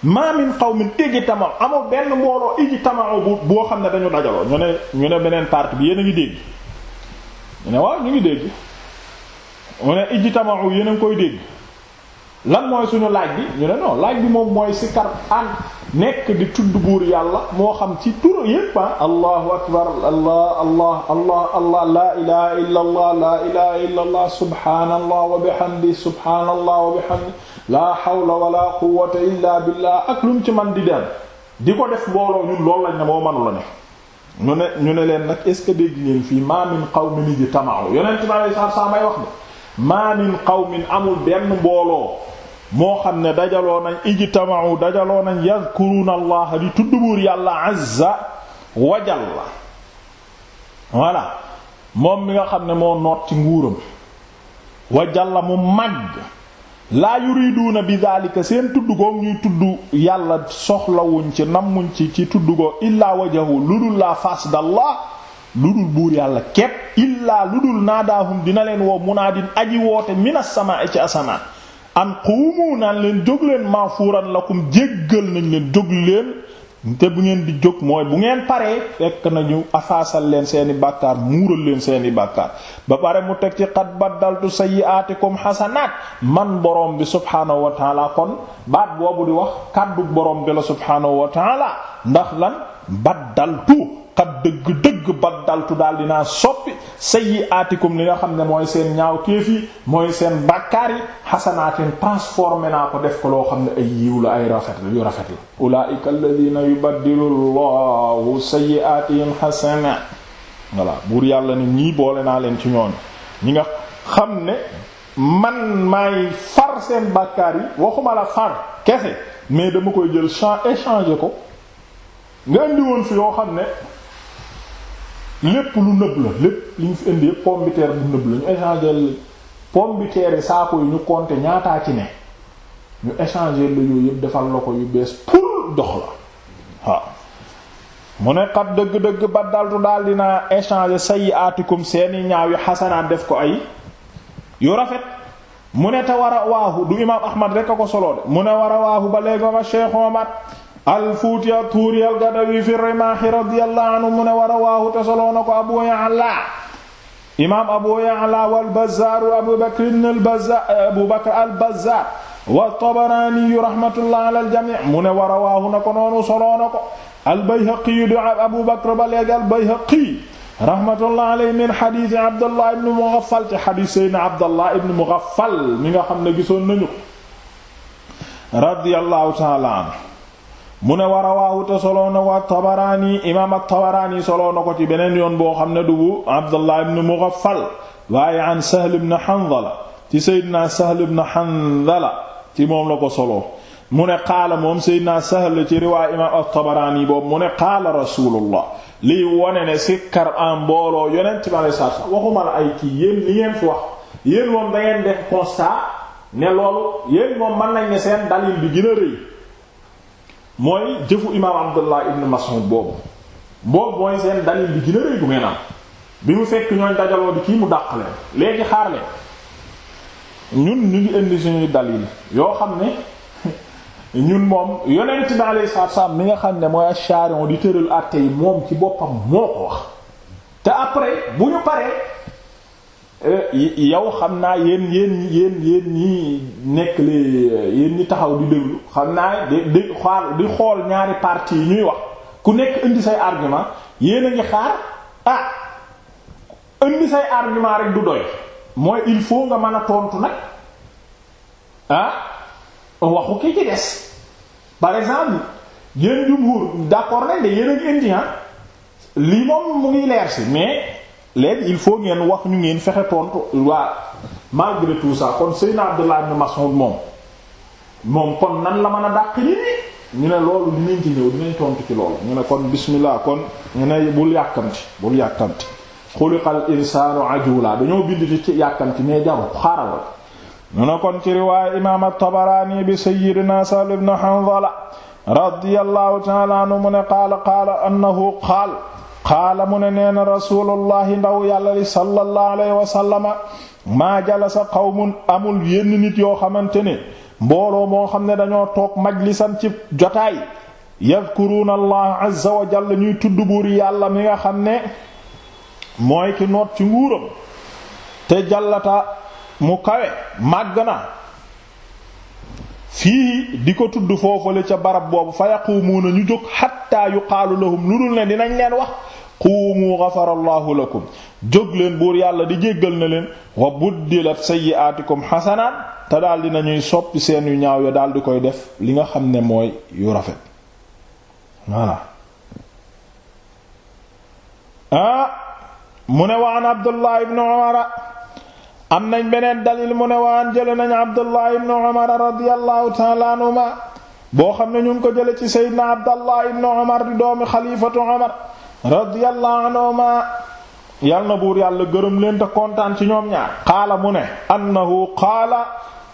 ma mi qawmin iji tamaaw amoo benn mbooloo iji tamaaw boo xam ne dañu dajaloo ñu ne ñu ne beneen partie bi yéen a ngi dégg ñu ne waaw ñu ngi dégg mu ne iji tamaaw yéen koy dégg lan mooy suñu laaj bi ñu ne non laaj bi moom mooy sikar an nekk di tudd buur yàlla moo xam ci turu yépp ah. allahu akbar allah allah allah allah la ilaha illa allah la ilaha illa allah subhanallah wa bihamdi subhanallah wa la hawla wala quwwata illa ak lu mu ci man di dem di ko def mbooloo ñun loolu lañ ne moo mënu la ne ñu ne ñu ne leen nag est ce dégg ngeen fii ma min qawmin ijtama'u yonent bi sallallahu alayhi wasallam ay wax ne ma min qawmin amul benn booloo moo xam ne dajaloo nañ ijtama'u dajaloo nañ yadhkuruna allah di tudd buur yàlla azza wa jalla voilà moom mi nga xam ne moo noot ci nguuram wa jalla mu màgg laa yuriduuna bi daalika seen tudd goog ñuy tudd yàlla soxlawuñ ci nammuñ ci ci tudd goog illaa wajahu lu dul laa faas lu dul buur yàlla kepp illaa lu dul naadaahum dina leen woo munaadin aji woote minas samaa ci asamaan an xuumu naan leen jóg leen maafuuran lakum jéggal nañ leen jóg leen te bu ngeen di jóg mooy bu ngeen paree fekk nañu afaasal leen seeni bàkkaar muural leen seeni bàkkaar ba pare mu teg ci xat baddaltu sayyi'atikum xasanaat man borom bi subhaanahu wa taala kon baat boobu di wax kàddu borom bi la subhaanahu wa taala ndax lan baddaltu xat dëgg dëgg baddaltu daal dinaa soppi sayyi'aatikum li nga xam ne mooy seen ñaaw téef yi mooy seen bàkkaar yi xasanaatin transformé naa ko def ko loo xam ne ay yiw la ay rafet yu rafet la ulaa'ika alladhiina yubaddilu llaahu sayyi'aatihim xasana voilà buur yàlla ni ñii boole naa leen ci ñooñu ñi nga xam ne man maay far seen bàkkaar yi waxuma la far kese mais dama koy jël champ échanger ko nga indi fi yoo xam ne lépp lu nëb la lépp lu ñu fi indi yëpp pomme de terre bu nëb la ñu échanger pomme de yi saako yi ñu compter ñaataa ci ne ñu échanger la yooyu yëpp defal la ko yu bees pour dox la waaw mu ne xat dëgg-dëgg ba daltu daal dinaa échanger sayi aatikum seeni ñaaw yi xasanaan def ko ay yu rafet mu ne te war a waahu du imaam Ahmad rek a ko solo de mu ne war a waahu ba léegi ba ma Cheikh alfuuti a tuuri algadawi fi rimaahi radiyallahu anhu mu ne wa rawaahu te soloona ko abu ya'la imaam abu ya'la wal bazzaar wa abu bakr ibn al bazzaar abu bakr al bazzaar wa tabaraani rahmatullahi ala al jamii mu ne wa rawaahu na ko noonu soloona ko al bayhaqi du abu bakr ba léegi al bayhaqi rahmatullah alayhi min xadiisi abdullah ibn mughaffal ci xadiis seydna abdullah ibn mughaffal mi nga xam ne gisoon nañu ko radiyallahu ta'ala anhu mu ne war a waawute soloo na ko a tabaraani imaam at-Tabaraani soloo na ko ci beneen yoon boo xam ne dubu Abdullah ibn Mughaffal waaye an Sahl ibn Hanzala ci Seydina Sahl ibn Hanzala ci moom la ko soloo mu ne qaala moom Seydina Sahl ci riwaay imaam at-Tabaraani boobu mu ne qaala Rasuulullah lii wone ne sikkar am mbooloo yonent bi alayhi salaatu salaam waxuma la ay kii yéen li ngeen fi wax yéen moom da ngeen def constat ne loolu yéen moom mën nañ ne seen dalil bi gën rëy mooy jëfu imaam abdullah ibn mas'ud boobu boobu mooy seen dalil bi gën a rëy bu ngeen am bi mu fekk ñooñ dajaloo di kii mu dàq la léegi xaar leen ñun ñu ngi indi suñuy dalil yoo xam ne [laughs] ñun moom yonent bi alayhi salaatu wassalaam mi nga xam ne mooy asharion di tëral àtte yi moom ci boppam moo ko wax te après bu ñu paree Eh, yow xam naa yéen yéen yéen yéen ñi nekk li yéen ñi taxaw di déglu xam naa di di xool di xool ñaari parti yi ñuy wax ku nekk indi say argument yéen a ngi xaar ah indi say argument rek du doy mooy il faut nga mën a tontu nag ah waxu ki ci des par exemple yéen jumhur d'accord nañ de yéen ngi indi ah. lii moom mu ngi leer si mais. léegi il faut ngeen wax ñu ngeen fexe tontu waa malgré tout ça kon Seydina Abdullah ibn Mas'ud moom moom kon nan la man a dàq nit ñi ñu ne loolu dinañ ci ñëw dinañ ci loolu ñu ne kon kon ñu ne bul yàkkamti bul yàkkamti xuliqal insaanu ajula dañoo bind ci yàkkamti mais jaru xaaral la ñu ne kon ci riwaaya imaam a tabarani bi sayyidina Sahl ibn Hanzala radiyallahu ta'ala anhu mu ne qaala qaala annahu qaala qaala mu ne nee na ndaw yàlla li sallallahu alayhi wa sallama maa jalasa qawmun amul yenn nit yoo xamante ne mbooloo moo xam ne dañoo toog majlisan ci jotaay yadkuruuna allah azza wa jalla ñuy tudd buur yàlla mi nga xam ne mooy ki noot ci nguuram te jallata mu kawe màgg na fii di ko tudd foofale ca barab boobu fa yaquumuuna ñu jóg xatta yuqaalu lahum lu dul ne dinañ leen wax quumu gafarallahu lakum jóg leen buur yàlla di jéggal na leen wa buddilat sayyi'aatikum xasanaat te daal di nañuy soppi seen yu ñaaw ya daal di koy def li nga xam ne mooy yu rafet ah, mu ne waan abdullah ibn umara am nañ beneen dalil mu ne waan jële nañ abdullah ibn umara radiyallahu ta'ala boo xam ne ñu ko jële ci sayyidina abdullah ibn umar di doomi xalifatu umar radiyallahu anhuma yal na buur yàlla gërëm leen kontaan ci ñoom ñaar qaala mu ne annahu qaala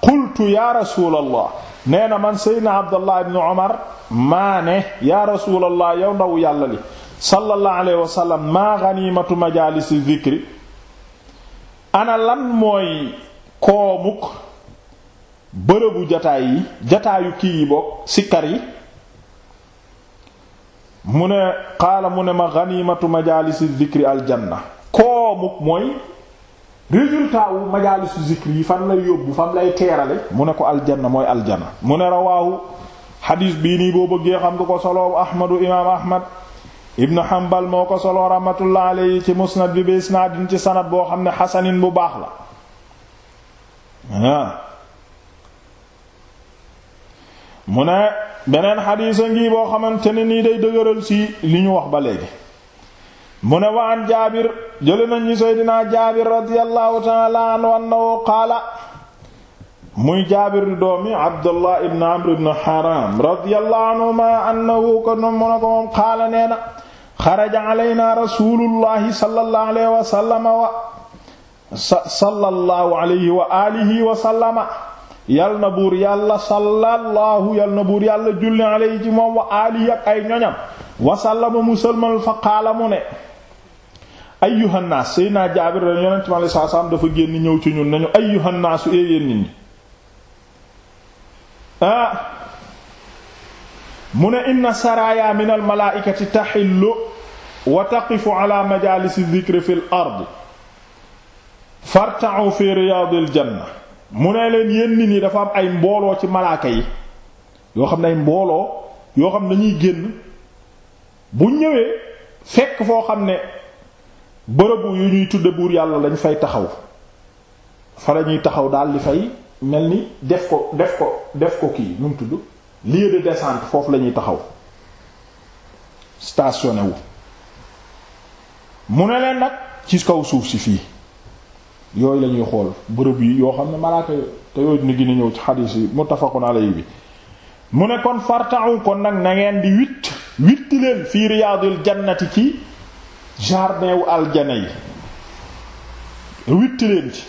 qultu ya rasulallah nee na man seydna abdallah ibn omar maa ne ya rasulallah yow ndaw yàlla li sallallahu alayhi wa sallam maa ganimatu majalisi dhikri ana lan mooy koomuk bërëbu jataay yi jataayu kii yi bokk sikkar yi mu ne qaala mu ne ma ganimatu majalisi zikri aljanna koomuk mooy résultat wu majalisu zikri yi fan lay yóbbu fan lay teerale mu ne ko aljanna mooy aljana mu ne rawaahu xadiis bii nii boo bëggee xam nga ko solo ahmadu imaam ahmad ibnu hanbal moo ko solo rahmatullah alayhi ci musnad bi bi isnaadin ci sanad boo xam ne xasanin bu baax la mu ne beneen xadiis boo xamante ne nii day dëgëral ci li ñu wax ba léegi mu ne jaabir jële nañu seydinaa jaabir radiyallahu taala anhu annahu qaala muy jaabir doomi abdullah ibn amr ibn haram radiyallahu anhuma annahu ko mu ne ko qaala nee na xaraja alaynaa rasuulullahi sallallahu alayhi wa sallama wa sallama yal na buur yàlla sallallahu yal na buur yàlla julli alayhi ci moom wa aalihi ak fa qaala mu ne ayyuhannaas Seydina Jaabir ren yonent mi alayhi dafa génn ñëw ci ñun nañu ayyuhannaasu éeyéen eh, nit ñi ah mu ne inna saraya min al malaaikati wa taqifu ala majaalisi dhikri fil ardi farta'u fi riyaadil janna mu ne leen yéen nit ñi dafa am ay mbooloo ci malaaka yi yoo xam ne ay mbooloo yoo xam ne dañuy génn bu ñëwee fekk foo xam ne bërëbu yu ñuy tudde buur yàlla lañu fay taxaw fa lañuy taxaw daal di fay mel ni def ko def ko def ko kii nu mu tudd lieu de descente foofu lañuy taxaw stationné wu mu ne leen nag ci kaw suuf si fii yooyu la ñuy xool bërëb yi yoo xam ne malaaka te yooyu ni gën a ñëw ci xadiis yi muttafaqun alayhi bi mu ne kon farta'u kon nag na ngeen di witt witti leen fii riyaadul jannati ci jardin wu aljana yi witti leen ci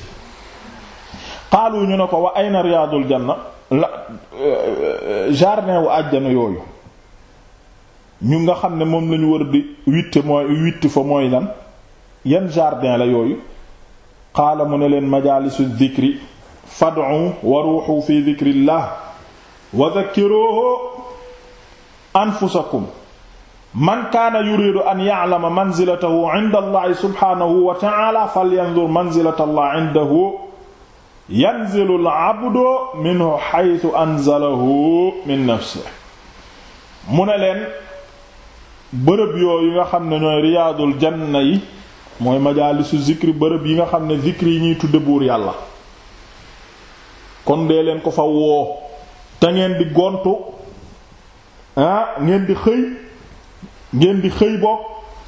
xaalu ñu ne ko wa ayna riyaadul janna la euh, jardin wu àjjana yooyu ñu nga xam ne moom lañu wër di witti mooy witti fa mooy lan yan jardin la yooyu qaala mu ne leen majaalisu dikri fad'u wa ruuxu fi dikrillah wa dhakkiruhu anfusakum man kaana yuridu an ya'lama manzilatahu 'inda allahi subhaanahu wa ta'aala falyanzur manzilata allahi 'indahu yanzilu al-'abdu minhu haythu anzalahu min nafsihi mu ne leen bërëb yooyu nga xam ne ñooy riyaadul janna yi mooy majaalisu zikri bërëb yi nga xam ne zikri yi ñuy tudde buur yàlla kon dee leen ko fa woo te ngeen di gontu ah ngeen di xëy ngeen di xëy bopp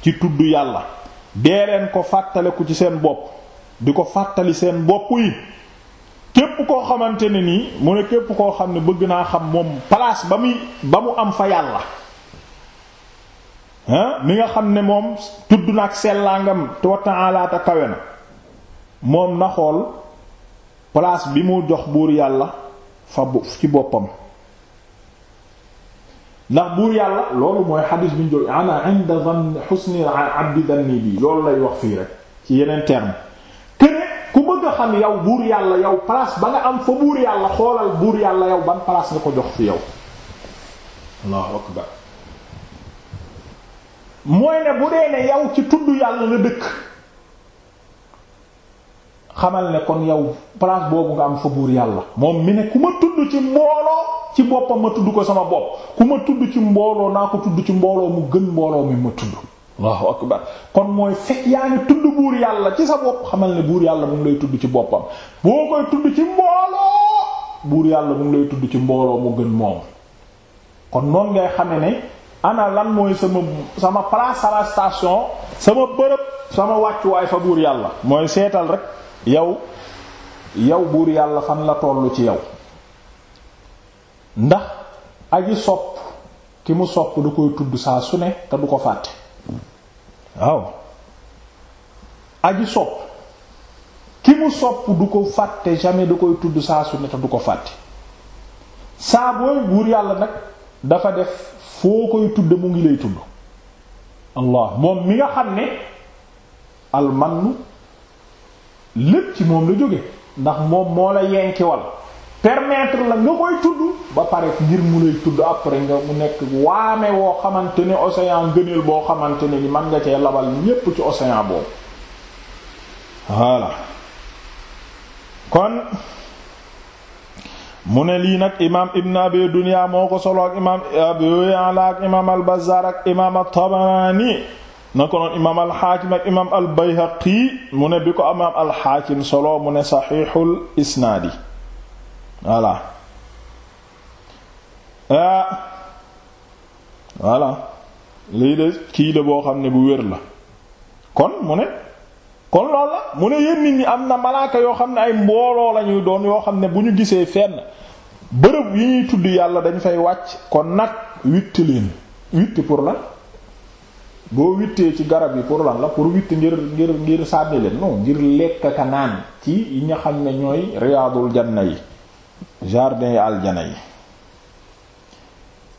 ci tudd yàlla dee leen ko fàttaliku ci seen bopp di ko fàttali seen bopp yi képp koo xamante ne nii mu ne képp koo xam ne bëgg naa xam moom place ba muy ba mu am fa yàlla mi nga xam ne moom tudd na ak sellaangam te wa ta'ala ta kawe na moom na xool place bi mu jox buur yàlla fa ci boppam ndax buur yàlla loolu mooy xadis bi ñu ana inda dhanni husni bi loolu lay wax fii rek ci yeneen terme kene ku bëgg a xam yow buur yàlla yow place ba nga am fa buur yàlla xoolal buur yàlla yow ban place nga ko jox fi yow allahu akbar mooy ne bu dee ne yow ci tudd yàlla la dëkk xamal ne kon yow place boobu nga am fa buur yàlla moom mi ne ku ma tudd ci mbooloo ci boppam ma tudd ko sama bopp ku ma tudd ci mbooloo naa ko tudd ci mbooloo mu gën mbooloo mi ma tudd kon mooy fekk yaa ngi tudd buur yàlla ci sa bopp xamal ne buur yàlla mu lay tudd ci boppam boo koy tudd ci mbooloo buur yàlla mu ngi lay tudd ci mbooloo mu gën moom kon noon ngay xame ne ana lan mooy sama sama place à la station sama bërëb sama wàccuwaay fa buur yàlla mooy seetal rek yow yow buur yàlla fan la tollu ci yow ndax aji sopp ki mu sopp du koy tudd saa su ne te du ko fàtte waaw aji sopp ki mu du ko fàtte jamais du koy tudd saa su te du ko fàtte saa booy buur yàlla nag dafa def foo koy tudde mu ngi lay tudd allah moom mi nga xam ne almannu lépp ci moom la jóge ndax moom moo la yenkiwal permettre la nga koy tudd ba pare ngir mu lay tudd après nga mu nekk waame woo xamante ni océan gëneel boo xamante ne ni man nga cee labal ñépp ci océan boobu voilà kon mu ne lii nag imaam Ibn Abi Dunya moo ko solo ak imaam Abu Ya'la ak imaam al-Bazzar ak imaam at-Tabarani na ko noon imaam al-Hakim ak imaam al-Bayhaqi mu ne bi ko imaam al-Hakim solo mu ne saxiixul isnaadi voilà ah. lii de kii la boo xam ne bu wér la kon mu ne. kon loolu la mu ne yéen nit ñi am na malaaka yoo xam ne ay mbooloo lañuy doon yoo xam ne bu ñu gisee fenn bërëb yi ñuy tudd yàlla dañ fay wàcc kon nag witti leen witti pour la boo wittee ci garab yi pour lan la pour witti ngir ngir ngir sànni leen non ngir lekk ka naan ci yi xam ne ñooy riyaadul janna yi jardin yi aljana yi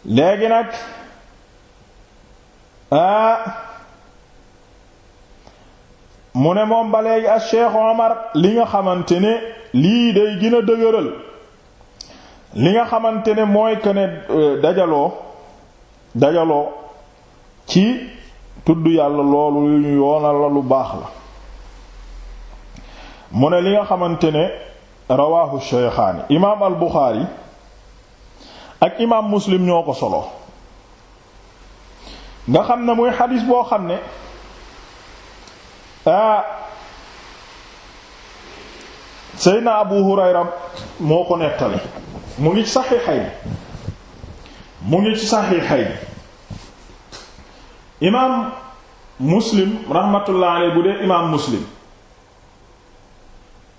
léegi nag ah, mu ne moom ba léegi ak Cheikh Omar li nga xamante ne lii day gën a dëgëral li nga xamante ne mooy que ne euh, dajaloo dajaloo ci tudd yàlla loolu yu ñu yoonal la lu baax la mu ne li nga xamante ne rawaahu Shaykhaani imaam al Buxaari ak imaam Muslim ñoo ko solo nga xam na muy xadiis boo xam ne ah Seydina Abu Hurayra moo ko nettali mu ngi ci saxiixay mu ngi ci saxiixay imaam Muslim rahmatullah alayhi bu dee imaam Muslim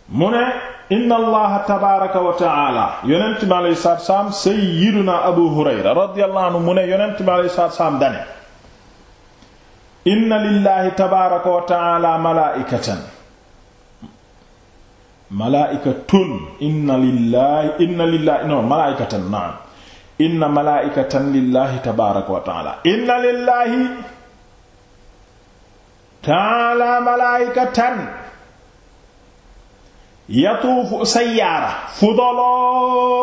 mu ne inna allaha tabaaraka wa taala yonent mi alayhi salaatu salaam Seydina Abu Hurayra radiyallahu anhu mu ne yonent mi alayhi salaatu salaam dane inna lillahi tabaaraka wa taala malaaikatan malaaikatun inna lillahi inna lillahi non malaaikatan naam inna malaaikatan lillahi tabaaraka wa taala inna lillahi taala malaaikatan yatuufu sayyaara fudalaa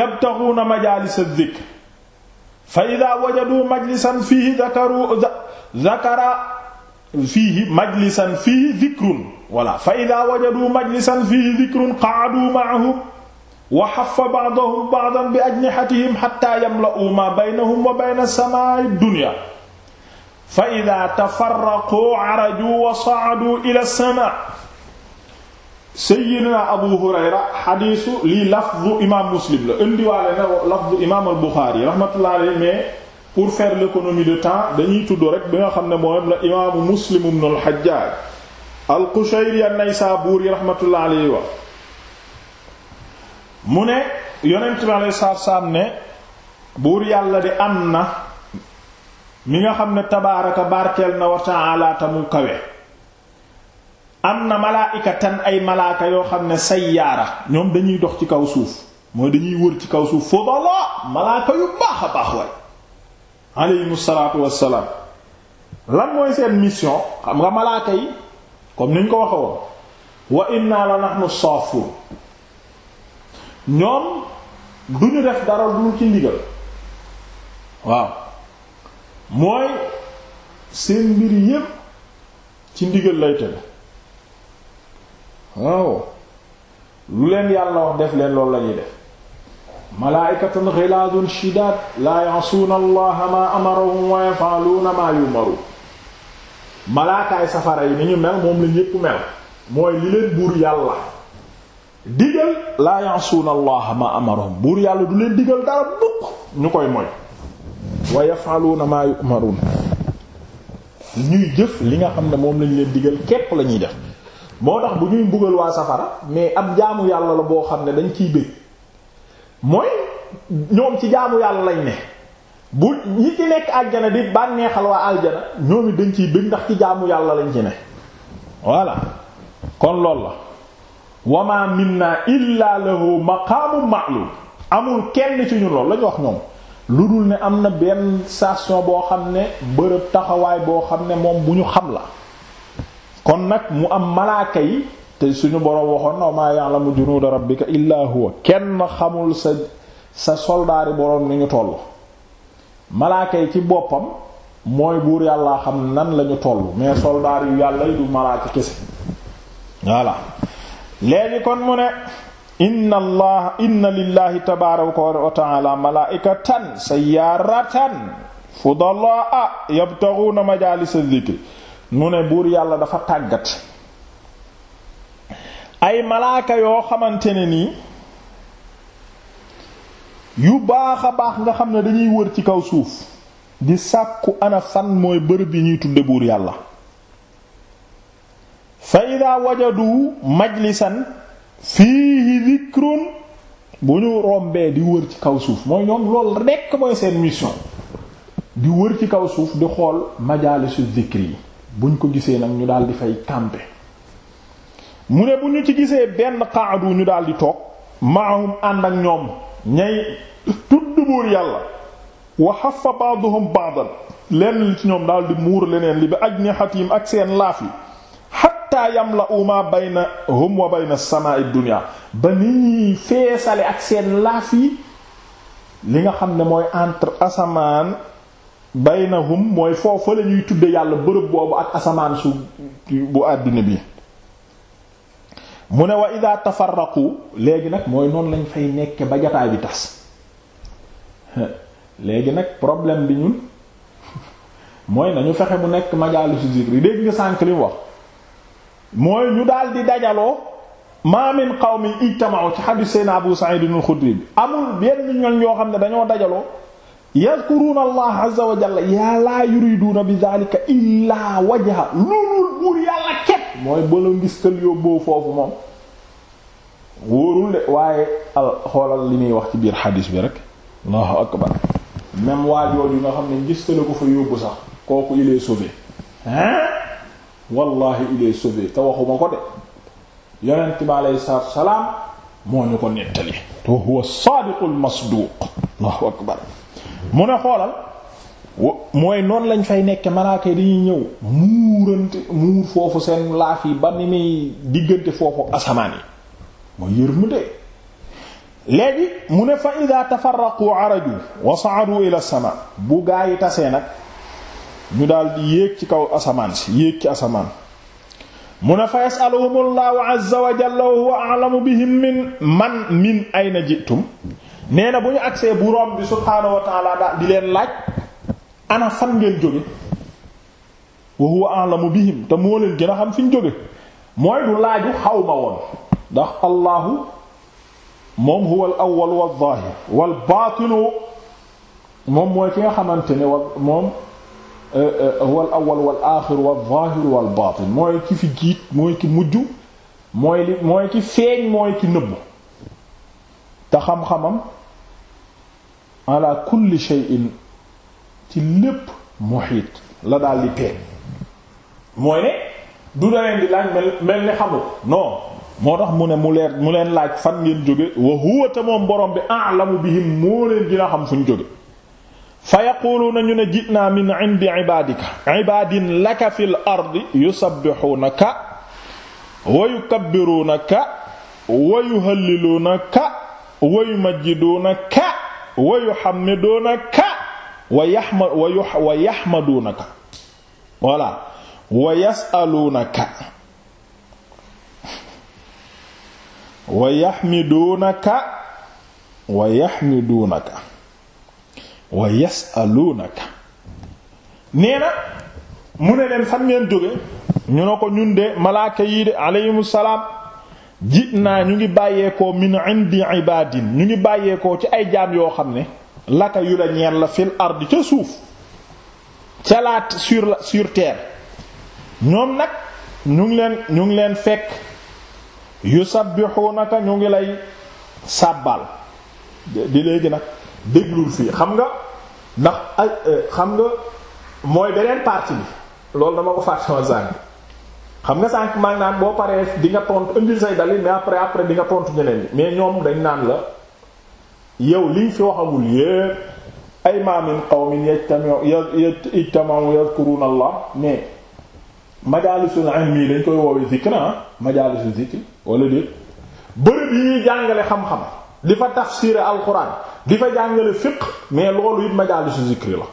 yabtaxuuna majaalis ad-dikr fa ida wajadu majlisan fiihi zakaru zakara fiihi majlisan fiihi dhikrun wala fa ida wajadu majlisan fiihi dhikrun qa'adu ma'ahu wa haffa ba'dahum ba'dan bi ajnihatihim hatta yamla'u ma baynahum wa bayna as-samaa'i ad-dunya fa ida tafarraqu 'araju wa sa'adu ila as-samaa'i Seyyidina Abu Hurayra xadiisu lii lafdu imaam Muslim la indiwaale na imaam al Buxaari rahmatullahi alayhi pour faire l'économie de temps dañuy tudd rek bi nga xam ne moom la imaamu Muslim ibn al Hajjaaj al Qushayri an-Naysaburi rahmatullahi alayhi wa mu ne yonent bi alayhi ne buur yàlla di am na mi nga xam ne tabaaraka barkeel na wa ta'aala tamu kawe. am na malaaykatan ay malaaka yoo xam ne sayyaara ñoom dañuy dox ci kaw suuf mooy dañuy wër ci kaw suuf fudala malaaka yu baax baax waay aleyhim salaatu wassalaam lan mooy seen mission xam nga malaaka yi comme niñ ko waxe woon wa inna la nahnu saafun ñoom duñu def dara dul ci ndigal waaw mooy seen mbir yépp ci ndigal lay tëdd waaw lu leen yàlla wax def leen loolu la ñuy def malaa'ikatan ghilaadun shidaad laa ya'suuna allaha amarahum wa yaf'aluuna maa yu'maruun malaakaay safara yi ni ñu mel moom la ñépp mel mooy li leen buur yàlla digal laa ya'suuna allaha amarahum buur yàlla du leen digal dara bukk ñu koy moy wa yaf'aluuna maa yu'maruun ñuy jëf li nga xam ne moom lañ leen digal képp la ñuy def moo tax bu ñuy mbugal waa safara mais ab jaamu yàlla la boo xam ne dañ ciy bëgg mooy ñoom ci jaamu yàlla lañ ne bu ñi ci nekk àjjana di bànneexal waa aljana ñoom it dañ ciy bëgg ndax ci jaamu yàlla lañ ci ne voilà kon loolu la wama minna illa lahu maqaamu ma'lum amul kenn ci ñun loolu lañu wax ñoom lu dul ne am na benn station boo xam ne bërëb taxawaay boo xam ne moom bu ñu xam la kon nag mu am malaaka yi te suñu boroom waxoon na maa ya'lamu junuuda rabbika illaa huwa kenn xamul sa soldaari boroom ni ñu toll malaaka yi ci boppam mooy buur yàllaa xam nan lañu toll mais soldaar yu yàlla yi du malaaka kese voilà léegi kon mu ne inna allah inna lillahi tabaaraka wa ta'ala malaa'ikatan sayyaaratan fudalaa yabtaghuuna majaalisa dhikri mu ne buur yàlla dafa tàggat ay malaaka yoo xamante ne nii yu baax a baax nga xam ne dañuy wër ci kaw suuf di sàkku ana fan mooy bërëb bi ñuy tudde buur yàlla fa ida wajadu majlisan fiihi dhikrun bu ñu rombee di wër ci kaw suuf mooy ñoom lool rekk mooy seen mission di wër ci kaw suuf di xool majalisu dhikri yi buñ ko gisee nag ñu daal di fay camper mu ne bu ñu ci gisee benn wu ñu daal di toog maahum ànd ak ñoom ñay tudd buur yàlla wa xafa baaduhum baadan lenn li ci ñoom daal di muur leneen li bi ajnihatim ak seen laaf yi xatta yamla'u ma baynahum wa bayna samaa'i dunya ba ni ñuy feesale ak seen laaf yi li nga xam ne mooy entre asamaan baynahum mooy foofu la ñuy tudde yàlla bërëb boobu ak asamaan su bu àddina bi mu ne wa ida tafarraqu léegi nag mooy noonu lañ fay nekke ba jataay bi tas léegi nag problème bi ñun mooy nañu fexe bu nekk majaalisu zikri dégg nga sànk li mu wax mooy ñu daal di dajaloo ma min qawmin ijtama'u ci xadis seen Abu Sa'id al-Khudri bi amul benn ñoñ yoo xam ne dañoo dajaloo yadkuruuna allah azza wa jalla yaa laa yuriduuna bi daalika illaa wajha loolul buur yàlla ket mooy bala ngistal yóbboo foofu moom wóorul de waaye al xoolal li muy wax ci biir xadiis bi rek allahu akbar même waajoor yi nga xam ne ngistale ko fa yóbbu sax kooku il est sauvé hein wallahi il est sauvé te waxuma ko de yonent bi aleyhi salaatu salaam ko nettali te huwa saadiqul masduuq allahu akbar mu ne xoolal mooy noonu lañ fay nekk malaaka yi ñëw muurante muur foofu seen laaf yi ba ni muy diggante foofu asamaan yi mooy yërmande léegi mu ne fa ida tafarraqu araju wa ila sama bu gaa yi tasee nag ñu daal di yéeg ci kaw asamaan si yéeg ci asamaan mu ne fa yasaluhum allahu azza wa a'lamu bihim min man min ayna jitum nee na bu ñu agsee borom bi subhaanahu wa ta'ala daal di leen laaj ana fan ngeen jóge wa huwa a'lamu bihim te moo leen gën a xam fi ñu jóge mooy du laaju xaw ma woon ndax allahu moom huwa al wal ki nga xamante ne wa moom eh, eh, huwa al awwal aaxir wal zaahir wal baatin mooy ki fi jiit mooy ki mujj mooy li mooy ki feeñ mooy ki nëbb te xam-xamam ala kulli shay'in ci lépp muhit la daal di tee mooy ne du daleen di laaj mel ni xamul non mu ne leen laaj fan ngeen jóge wa huwa te moom borom bi a'lamu bihim moo leen dina xam fuñ jóge fa yaquluuna ñu ne ji'naa min indi ibadika ibadin laka fil ardi yusabbihuunaka wa yukabbiruunaka wa yuhalliluunaka wa yumajjiduunaka wa yuhammiduunaka wa yahma wa yahmaduunaka voilà wa yasaluunaka wa nee na mu ne leen fan ngeen jóge ñu ne ko ñun de malaaka yi de aleyhimu salaam ji naa ñu ngi bàyyeekoo min indi ibadin ñu ngi bàyyeekoo ci ay jaam yoo xam ne lakk yu la ñeen la fil ard ca suuf ca laat sur sur terre ñoom nag ñu ngi leen ñu ngi leen fekk yusabbihunaka ñu ngi lay sàbbal di léegi nag déglul fii xam nga ndax ay euh, xam nga mooy beneen partie bi loolu dama ko fàttewa zàng xam nga sànq maa naan boo paree di nga tontu indil say dalil mais après après di nga tontu ñeneen mais ñoom dañ naan la yow liñ fi waxagul yépp ay ma min qawmin yajtami'u yadhkuruna Allah mais majalisul ilmi dañ koy woowee zikr ah majalisul zikr bërëb yi ñuy jàngale xam-xam di fa tafsir alquran di fa jàngale fiqh mais loolu it majalisul zikr la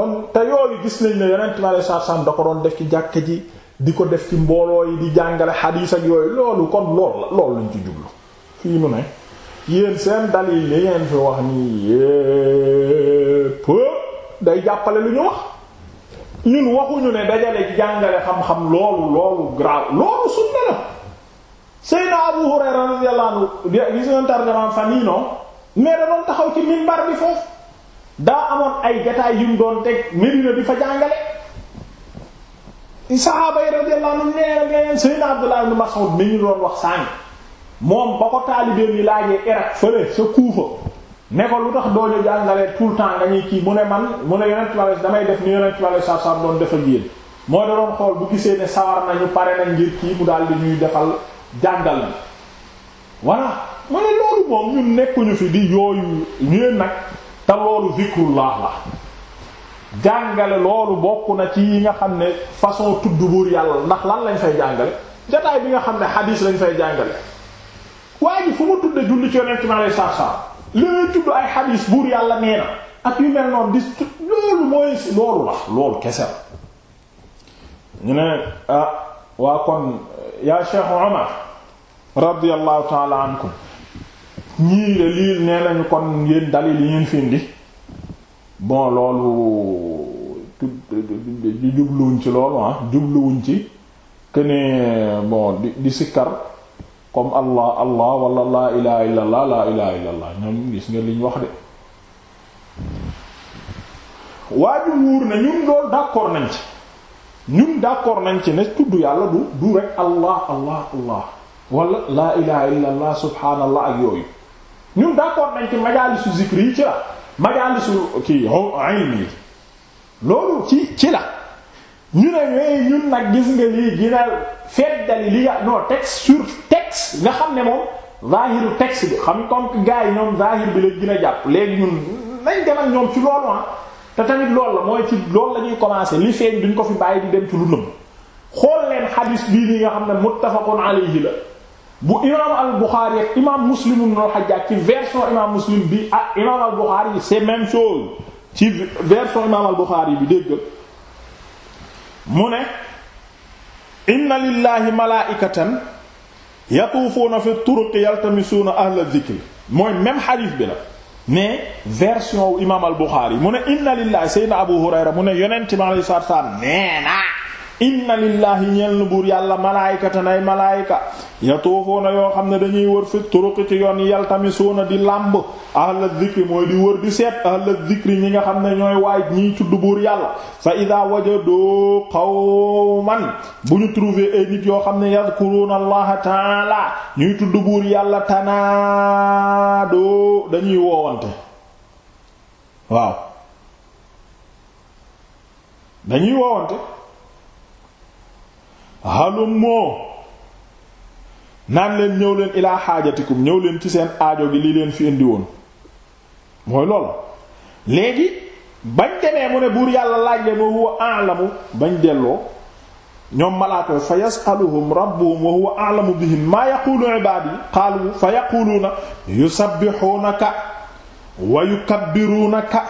kon te yooyu gis nañ ne yonent mi aleyhi salaatu salaam da ko doon def ci jàkka ji di ko def ci mbooloo yi di jàngale xadiis ak yooyu loolu kon lool la loolu lañ ci jublu fii mu ne yéen seen dalil li ngeen fi wax nii yépp day jàppale lu ñu wax ñun waxuñu ne dajale jàngale xam-xam loolu loolu grave loolu sunna la Seydina Abu Hurayra radiyallahu anhu gis ngeen tarjamaam fan yii noonu da doon taxaw ci minbar bi foofu daa amoon ay jataay yu mu doon teg Medina di fa jàngale saxaaba yi radiyallahu anhum nee ngeen Seydina Abdullah ñu doon wax sànni moom ba ko taalibeem yi laajee Irak fële sa Kuufa ne ko lu tax doo ñu jàngale tout le temps dañuy kii mu ne man mu ne yonent bi damay def ni yonent bi saab saab doon defal yéen moo da doon xool bu gisee ne sawar nañu pare nañ ngir kii mu daal di ñuy defal jàngal na voilà ma ne loolu moom ñun nekkuñu fi di yooyu ñeen nag te loolu zikrullah la jàngale loolu bokk na ci yi nga xam ne façon tudd buur yàlla ndax lan lañ fay jàngale jataay bi nga xam ne xadiis lañ fay jàngale waaye fu ma tudde julli ci yonent mi alayhi salaatu salaam li ngay tudd ay xadiis buur yàlla nee na ak yu mel noonu di loolu mooy loolu la loolu kese la ñu ne ah waa kon yaa Cheikh Omar radiyallahu ta'ala ankum ñii de lii nee nañu kon yéen dalil yi ngeen fi bon loolu jubluwuñ ci loolu ah jubluwuñ ci que bon di di sikkar comme allah allah wala laa ilaha illallah laa ñoom gis nga liñ wax de waaju wuur ne ñun loolu d'accord nañ ci ñun d'accord nañ ci ne tudd yàlla du du rek allah allah allah wala laa ilaha illallah subhaanallah ak yooyu ñun d'accord nañ ci majaalisu zikri yi ci la majaalisu ki ilmi yi loolu ci ci la ñu ne wee ñun nag gis nga lii gina feddali li nga non texte sur texte nga xam ne moom zahiru texte bi xam comme gars yi ñoom zahir bi lañ gën a jàpp léegi ñun nañ dem ak ñoom ci loolu ah te tamit loolu la mooy ci loolu la ñuy commencer li feeñ duñ ko fi bàyyi di dem ci lu nëbb xool leen xadiis bii nii nga xam ne muttafaqun alayhi la bu imaam al-Bukhari imaam Muslim ibn al-Hajjaj ci version imaam Muslim bi ak imaam al-Bukhari c'est même chose ci version imaam al-Bukhari bi dégg mu ne inna lillahi malaa'ikatan yatuufuuna fi turuqi yaltamisuuna ahla dhikr mooy même hadith bi la mais version imaam al-Bukhari mu ne inna lillahi sayyidina Abu Hurayra mu ne yonent mi alayhi salaatu wa salaam inna lillahi ñeel na buur yàlla malaayikatan ay malaayika yatuufuuna yoo xam ne dañuy wër fi turuqi ci yoon yi yaltamisuuna di làmb ahla dhikri mooy di wër di seet ahla dhikri ñi nga xam ne ñooy waay ñiy tudd buur yàlla fa ida wajadu qawman bu ñu trouver ay nit yoo xam ne yadhkuruuna allaha taala ñuy tudd buur yàlla tanaadoo dañuy woowante waaw dañuy woowante halum moo naan leen ñëw leen ilaa xaajatikum ñëw leen ci seen aajo gi li leen fi indi woon mooy lool léegi bañ demee mu ne buur yàlla laaj leen wa huwa a'lamu bañ delloo ñoom malaaka fa yasaluhum rabbuhum wa huwa a'lamu bihim maa yaqulu ibaadi qaalu fa yaquluuna yusabbihuunaka wa yukabbiruunaka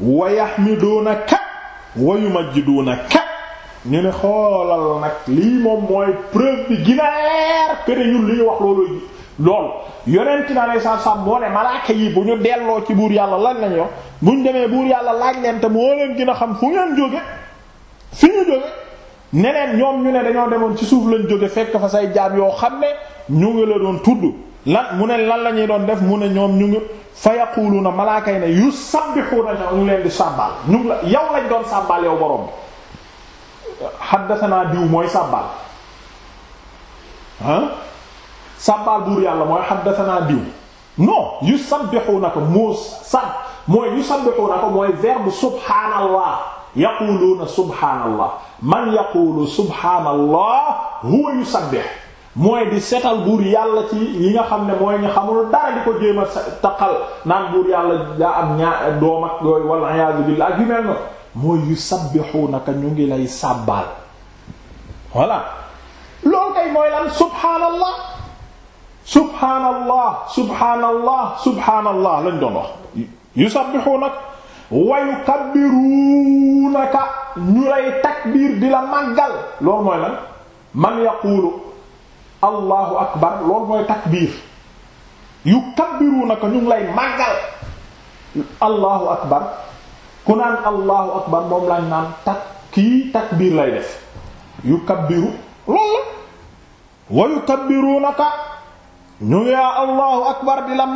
wa yaxmiduunaka wa yumajjiduunaka ñu ne xoolal nag lii moom mooy preuve bi gina leer que ñun li ñu wax loolu loolu yonent na lay sax sax moo ne malaaka yi bu ñu delloo ci buur yàlla lan lañ wax buñ ñu demee buur yàlla laaj leen te moo leen gin a xam fu ngeen jóge fi ñu jóge neneen ñoom ñu ne dañoo demoon ci suuf lañ jóge fekk fa say jaam yoo xam ne ñu ngi la doon tudd lan mu ne lan la ñuy doon def mu ne ñoom ñu ngi fa na malaaka yi ne yusabbihuna ñu leen di sàbbaal ñu yow lañ doon sàbbaal yow xaddasanaa diw mooy sàbbaal ah sàbbaal buur yàlla mooy xaddasanaa diw non yu sabbixuuna ko moo sab mooy yu sabbixuuna ko mooy verbe subhaanallah yaquluuna subhaanallah man yaqulu subhaanallah huwa yusabbih mooy di setal buur yàlla ci yi nga xam ne mooy ñu xamul dara di ko jéem a taqal naan buur yàlla daa am ñaa doom ak yooyu wal iyaazu billaah yu mel noonu mooy yu sabbixuunaka ñu ngi lay sàbbaal voilà loolu kay mooy lan subhaanallah subhaanallah subhaanallah subhaanallah lañ doon wax yu sabbixuunaka wa yukabbiruunaka ñu lay takbiir di la màggal loolu mooy lan man yaquulu allahu akbar loolu mooy takbiir yukabbiruunaka ñu ngi lay màggal allahu akbar ku naan allahu akbar moom lañ naan tak kii takbiir lay def yukabbiru loolu la wa yukabbirunaka ñu ngi yaa allahu akbar di la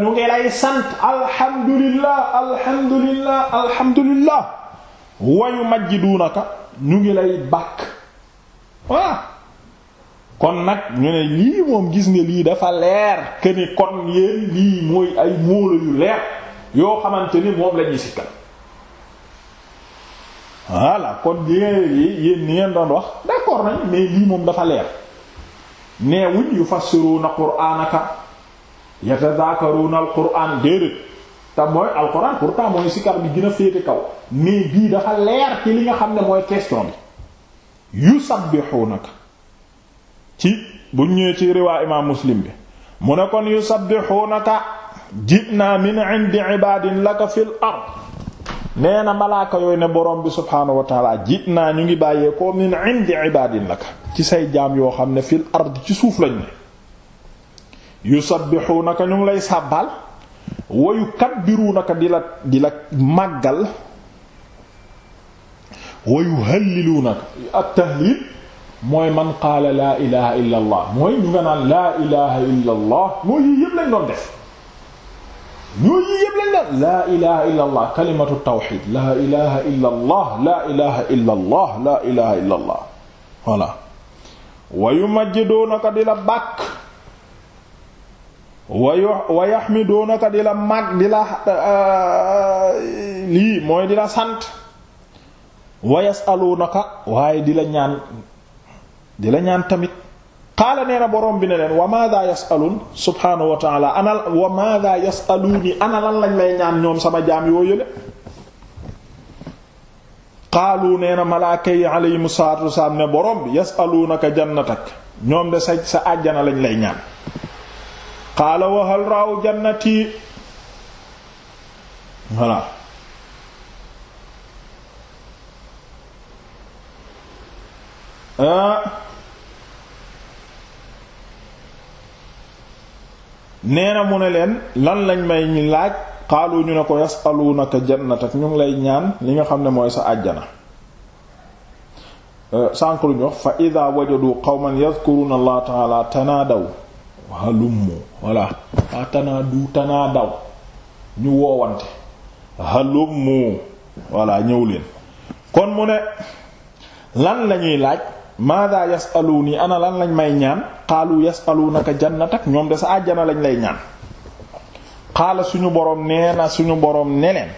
ñu ngi lay sant alhamdulillah alhamdulillah alhamdulillah wa yumajjiduunaka ñu ngi lay bàkk kon nag ñu ne lii moom gis nga lii dafa leer këni kon yéen lii mooy ay móola yu leer yoo xamante ni moom la ñuy sikkal kon kon yi ngeen yéen ni ngeen doon wax d'accord nañ mais lii moom dafa leer neewuñ yufassiruna na yatadhakaruuna alquran déedéet te mooy alquran pourtant mooy sikar bi gën a féete kaw mais bii dafa leer ci li nga xam ne mooy question bi yusabbihunaka ci buñ ñëwee ci riwaa imaam muslim bi mu ne kon yusabbihunaka ji'naa min 'indi 'ibaadin laka fil ard nee na malaaka yooyu ne borom bi subhaanahu wa ta'aala ñu ngi bàyyeekoo min 'indi 'ibaadin laka ci say jaam yoo xam ne fil ard ci suuf lañ ne yusabbihuunaka ñu ngi lay sàbbaal wa yukabbiruunaka di la di la màggal wa yuhalliluunaka ak tahliil mooy man qaala laa ilaha illa allah mooy ñu nga lañ doon def ñooñu yëpp lañ leen laa ilaha illa allah kalimatu tawxid laa ilaha illa allah laa di la bàkk wayu di la mag di la lii mooy di la sant wa yasaluunaka waaye di la di la ñaan tamit qaala nee na borom bi ne leen wa yasaluun subhaanahu wa taala ana yasaluuni ana lañ lay ñaan ñoom sama jaam yoo yële qaalu nee na malaaka yi aleyhim salaatu wasalaam ne borom bi yasaluunaka jannatak ñoom de sa sa àjjana lañ lay ñaan qaala wa raaw jannati voilà ah nee na mu ne leen lan lañ may ñu laaj xaalu ñu ne ko yasalunaka jannatak ñu ngi lay ñaan li nga xam ne mooy sa àjjana euh, sànq lu ñu wax fa ida wajadu qawman yadhkuruna allah taala tanaadaw halummu walla tanaadu tanaadaw ñu woowante halummu walla ñëw leen kon mu ne lan lañuy laaj maada yasaluuni ana lan lañ may ñaan xaalu yasaluunaka jannatak ñoom de sa àjjana lañ lay ñaan xaala suñu boroom nee na suñu boroom ne leen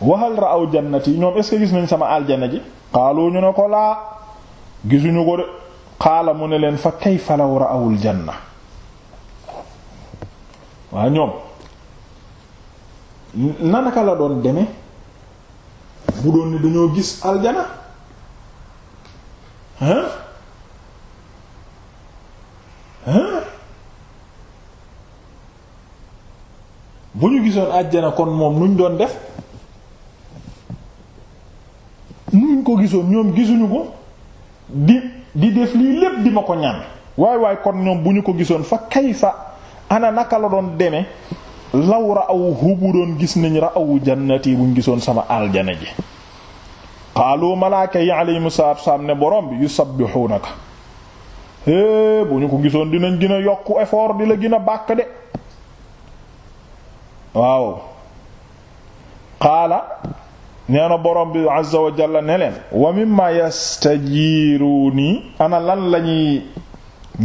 waxal ra aw jannat yi ñoom est-ce que gis nañ ko laa gisuñu ko de ne leen fa kayfa awul janna waa ñoom nanaka la doon deme bu doon ni dañoo gis aljana hein hein bu ñu gisoon àjjana kon moom nuñ doon def nuñ ko gisoon ñoom gisuñu ko di di def lii lépp di ma ko ñaan waay waay kon ñoom bu ñu ko gisoon fa kayfa ana naka la doon deme law ra aw hu doon gis nañu ra awu jannati buñ gisoon sama aljana ji xaalu malaaka yi alayhimu salaatu salaam ne borom bi yusabbihuunaka hee bu ñu ko gisoon dinañ gën a yokku effort di la gën a bàkk de waaw qaala nee na borom bi azza wa jalla ne leen wa mimma yastajiiruuni ana lan lañuy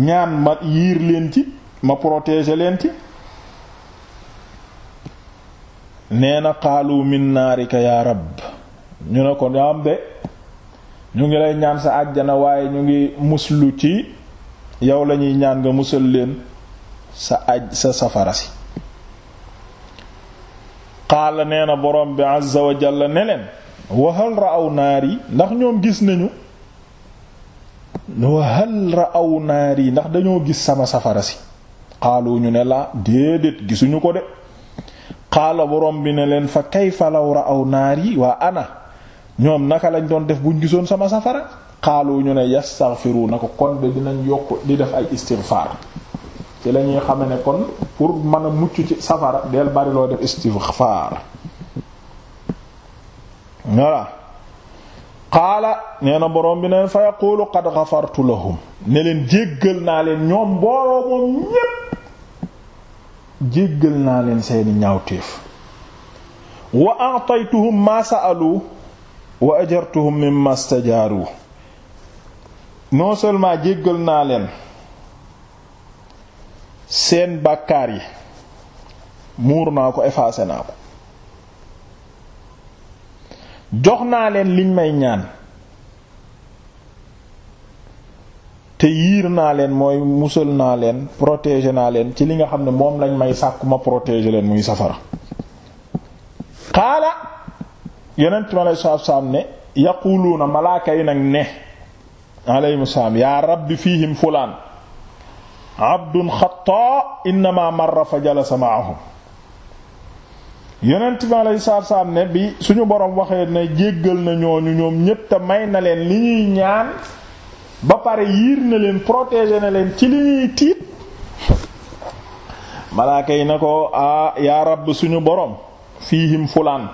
ñaan ma yiir leen ci ma protéger leen ci nee na qaalu min yaa rabb ñu ne ko daam de ñu ngi lay ñaan sa àjjana waaye ñu ngi muslu ci yow lañuy ñaan nga musal leen sa aj sa safara si xaala nee na borom bi azza wa jalla ne leen wa hal naar yi ndax ñoom gis nañu wa hal naar yi ndax dañoo gis sama safara si xaalu ñu ne laa déedéet gisuñu ko de qaala borom bi ne leen fa kayfa law ra'aw naar yi waa ana ñoom naka lañ doon def buñ gisoon sama safara wu ñu ne yastaghfiru na ko kon de dinañ yokk di def ay istighfar ci la ñuy xame ne kon pour mën a mucc ci safara del bari loo def istighfar voilà qaala nee na borom bi ne fa yaqulu qad ghafartu lahum ne leen jéggal naa leen ñoom mbooloo ñépp jéggal naa leen seeni ñaawteef wa a'taytuhum ma sa'alu wa ajartuhum mimma stajaaru non seulement jéggal naa leen seen bàkkaar yi muur naa ko effacé naa ko jox naa leen liñ may ñaan te yiir naa leen mooy musal naa leen protéger naa leen ci li nga xam ne moom lañ may sàkku ma protéger leen muy safara xaala yonent mi aleyhi salaatu salaam ne yaquluuna malaaka yi nag ne aleyhimu salaam yaa rabbi fiihim fulaan abdun xataa innama marra fa jalasa maahum yonent mi aleyhi salaatu salaam ne bi suñu boroom waxee ne jéggal na ñooñu ñoom ñépp may na leen li ñuy ñaan ba pare yiir na leen protéger na leen ci li ñuy tiit malaaka yi na ko aa ah, yaa rabb suñu boroom fiihim fulaan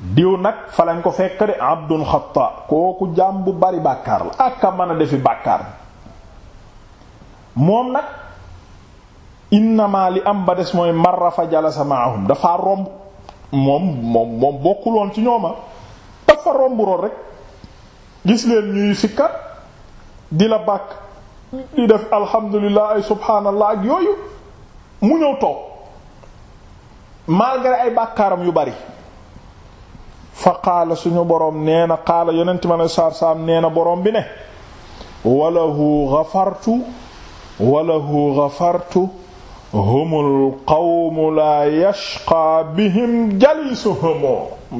diw nag falañ ko fekk de abdun xata kooku jaam bu bari bàkkaar la ak a a defi bàkkaar moom nag innama li am ba des mooy marra fa jalasa maahum dafa romb moom moom moom bokkuloon ci ñooma dafa romb roon rek gis leen ñuy sikkar di la bàkk di def alhamdulilah ay subhaanallah ak yooyu mu ñëw toog malgré ay bàkkaaram yu bari fa qaala suñu boroom nee na qaala yonent ma ne saar-saam nee na boroom bi ne walahu gafartu walahu gafartu humul qawmu laa yashqaa bihim jalisuhum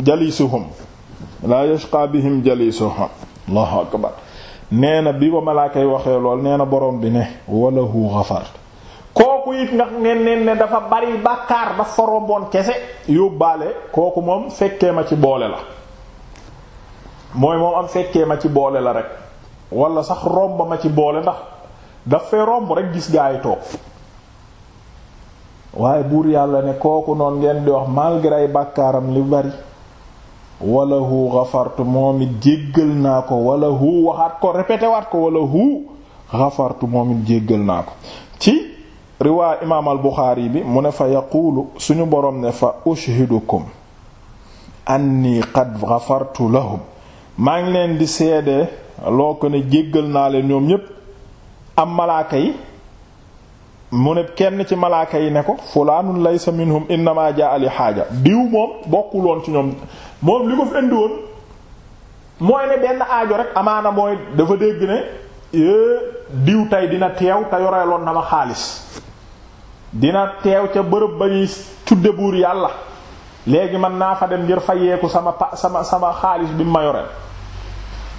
jalisuhum laa yashqaa bihim jalisuhum allahu akbar nee na bi ba malaakay waxee lool nee na boroom bi ne walahu gafartu kooku it nga ngeen neen ne dafa bari bàkkaar dafa romboon kese yóbbaale kooku moom fekkee ma ci boole la mooy moom am fekkee ma ci boole la rek walla sax romb ma ci boole ndax daf fee romb rek gis gaa waaye buur yàlla ne kooku noon ngeen di wax malgré bàkkaaram li bari walla hu xafartu moom it jéggal naa ko walla hu waxaat ko répété ko wala hu xafartu moom it jéggal naa ko riwaay imaam al buxaari bi mu ne fa yaquulu suñu boroom ne fa ushhidukum anni qad ghafartu lahum maa ngi leen di seede loo ko ne jéggal naa leen ñoom ñépp am malaaka yi mu ne kenn ci malaaka yi ne ko fulaanun laysa minhum innama jaa li xaaja diw moom bokkuloon ci ñoom moom li ko fi indiwoon mooy ne benn aajo rek amaana mooy dafa dégg ne diw tey dina teew te yoreeloon na ma xaalis dina teew ca bërëb ba ñuy tudde buur yàlla léegi man naa fa dem ngir fayeeku sama pa sama sama xaalis bi ma yoreel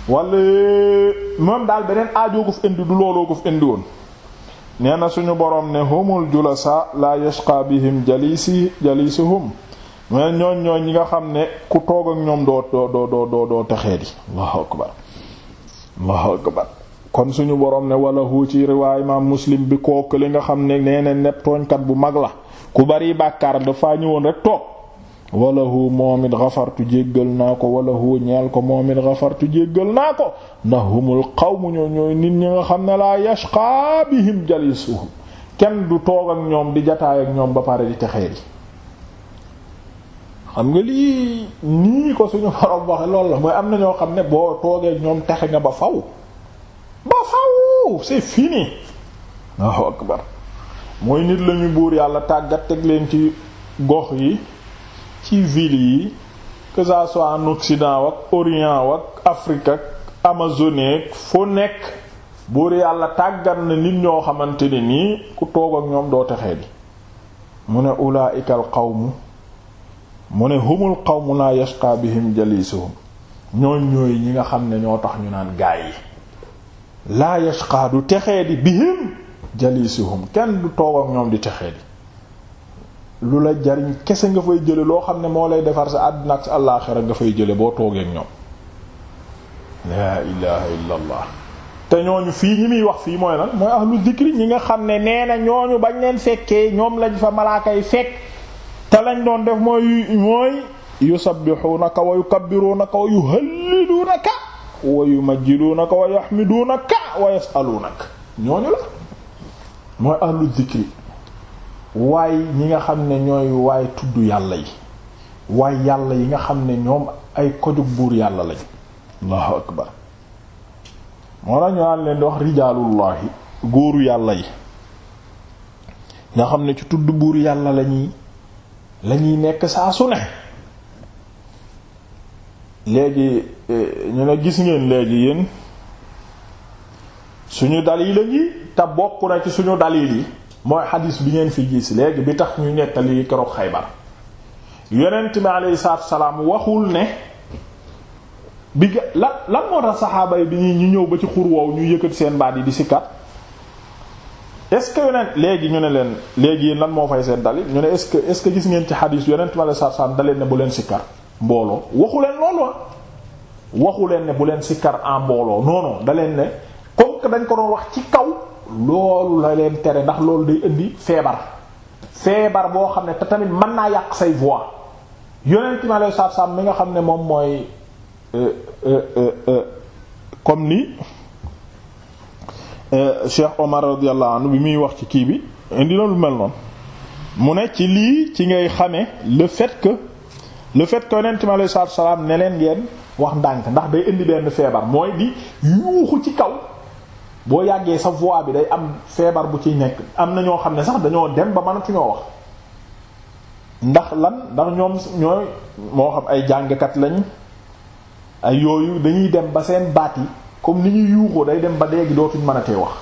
wala moom daal beneen aajoo ko fi indi du looloo ko fi indi woon nee na suñu boroom ne humul julasa la yashqa bihim jalisi jalisuhum mais ñooñ ñooñ ñi nga xam ne ku toog ak ñoom doo doo doo doo doo texee di allahu akbar allahu akbar kon suñu borom ne walahu ci riwaay imaam muslim bi kooku li nga xam ne nee na tooñkat bu mag la ku bari bàkkaar dafaa ñëwoon rek toog walahu moom ko walahu ko moom it xafartu jéggal naa ko ndax humul qawmu ñoo ñooy nit ñi nga xam ne laa yashqa bihim jalisuhum kenn du toog ak ñoom di jataay ak ñoom ba pare di texee yi xam nga lii nii ko suñu borom waxe loolu la mooy am na ñoo xam ne boo toogee ñoom texe nga ba faw ba faw c'est fini waaw akbar mooy nit lañu buur yàlla tàggat teg leen ci gox yi ci ville yi que ça soit en wak Orient wak Afrique ak Amazonie foo nekk buur yàlla tàggat na nit ñoo xamante ne nii ku toog ak ñoom doo texee bi mu ne ulaa'ika al qawmu mu ne humul qawmu la yashqa bihim jalisuhum ñooñ ñooy ñi nga xam ne ñoo tax ñu naan gaay yi laa yashqa du texee di bihim jaliisuhum kenn du toog ak ñoom di texee di lu la jariñ kese nga fay jële loo xam ne moo lay defar sa àddina ak sa àllaaxira nga fay jële boo toogee ak ñoom laa ilaha illa allah te ñooñu fii ñi muy wax fii mooy lan mooy ahlu dikri ñi nga xam ne nee na ñooñu bañ leen fekkee ñoom lañ fa malaaka yi fekk te lañ doon def mooy mooy yusabbihunaka wa yukabbirunaka wa yuhallilunaka wa yumajjiduunaka wa yaxmiduunaka wa yasaluunaka ñooñu la mooy ahlu zikri waay ñi nga xam ne ñooy waay tudd yàlla yi waay yàlla yi nga xam ne ñoom ay kojug buur yàlla lañ allahu akbar moo la ñu naan leen di wax rijaalullahi góoru yàlla yi nga xam ne ci tudd buur yàlla lañuy lañuy nekk saa su ne léegi Eh, ñu ne gis ngeen léegi yéen suñu dalil la ngi te bokk na ci suñu dalil yi mooy xadis bi ngeen fi gis léegi bi tax ñu nettali keroog Xaybar yonent bi aleyhi salaatu salaam waxul ne bi ga lan lan moo tax saxaaba yi bi ñuy ñu ñëw ba ci xur woowu ñu yëkkat seen baat yi di sikkat est-ce que yonent léegi ñu ne leen léegi yéen lan moo fay seen dalil ñu ne est-ce que est-ce gis ngeen ci xadis yonent bi aleyhi salaatu salaam daleen ne bu leen sikkar mbooloo waxu leen loolu ah. waxu leen ne bu leen sikkar en mbooloo non non da leen ne comme que dañ ko doon wax ci kaw loolu la leen tere ndax loolu day indi feebar feebar boo xam ne te tamit mën naa yàq say voix yonent mi alei satu nga xam ne moom mooy euh, euh, euh, comme ni Cheikh Omar radiyallahu anhu bi muy wax ci kii bi indi na lu mel noonu mu ne ci lii ci ngay xamee le fait que le fait que yonent mi alei salaam ne leen ngeen wax ndànk ndax day indi benn feebar mooy di yuuxu ci kaw boo yàggee sa voix bi day am feebar bu ci nekk am na ñoo xam ne sax dañoo dem ba mënatuñoo wax ndax lan ndax ñoom ñooy moo xam ay jàngkat lañ ay yooyu dañuy dem ba seen baat yi comme ni ñuy yuuxoo day dem ba léegi dootuñ mën a tee wax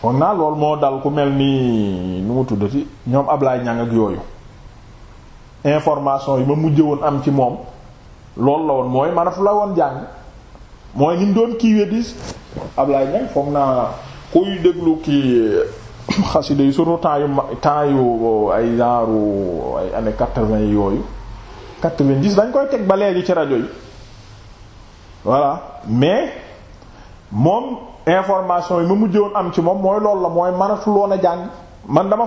foog naa loolu moo dal ku mel ni nu mu tuddati ñoom Ablaye Niang ak yooyu information yi ma mujjee woon am ci moom loolu la woon mooy manatu la woon jàng mooy ni doon kiiwee dis Ablaye Niang foog naa kuy déglu kii euh, [coughs] xasida yi sunu temps yu ma temps yu euh, ay genre euh, ay années quatre-vingt yooyu quatre-vingt-dix dañ koy teg ba léegi ci rajo yi voilà mais moom information yi ma mujjee woon am ci moom mooy loolu la mooy manatu a jàng man dama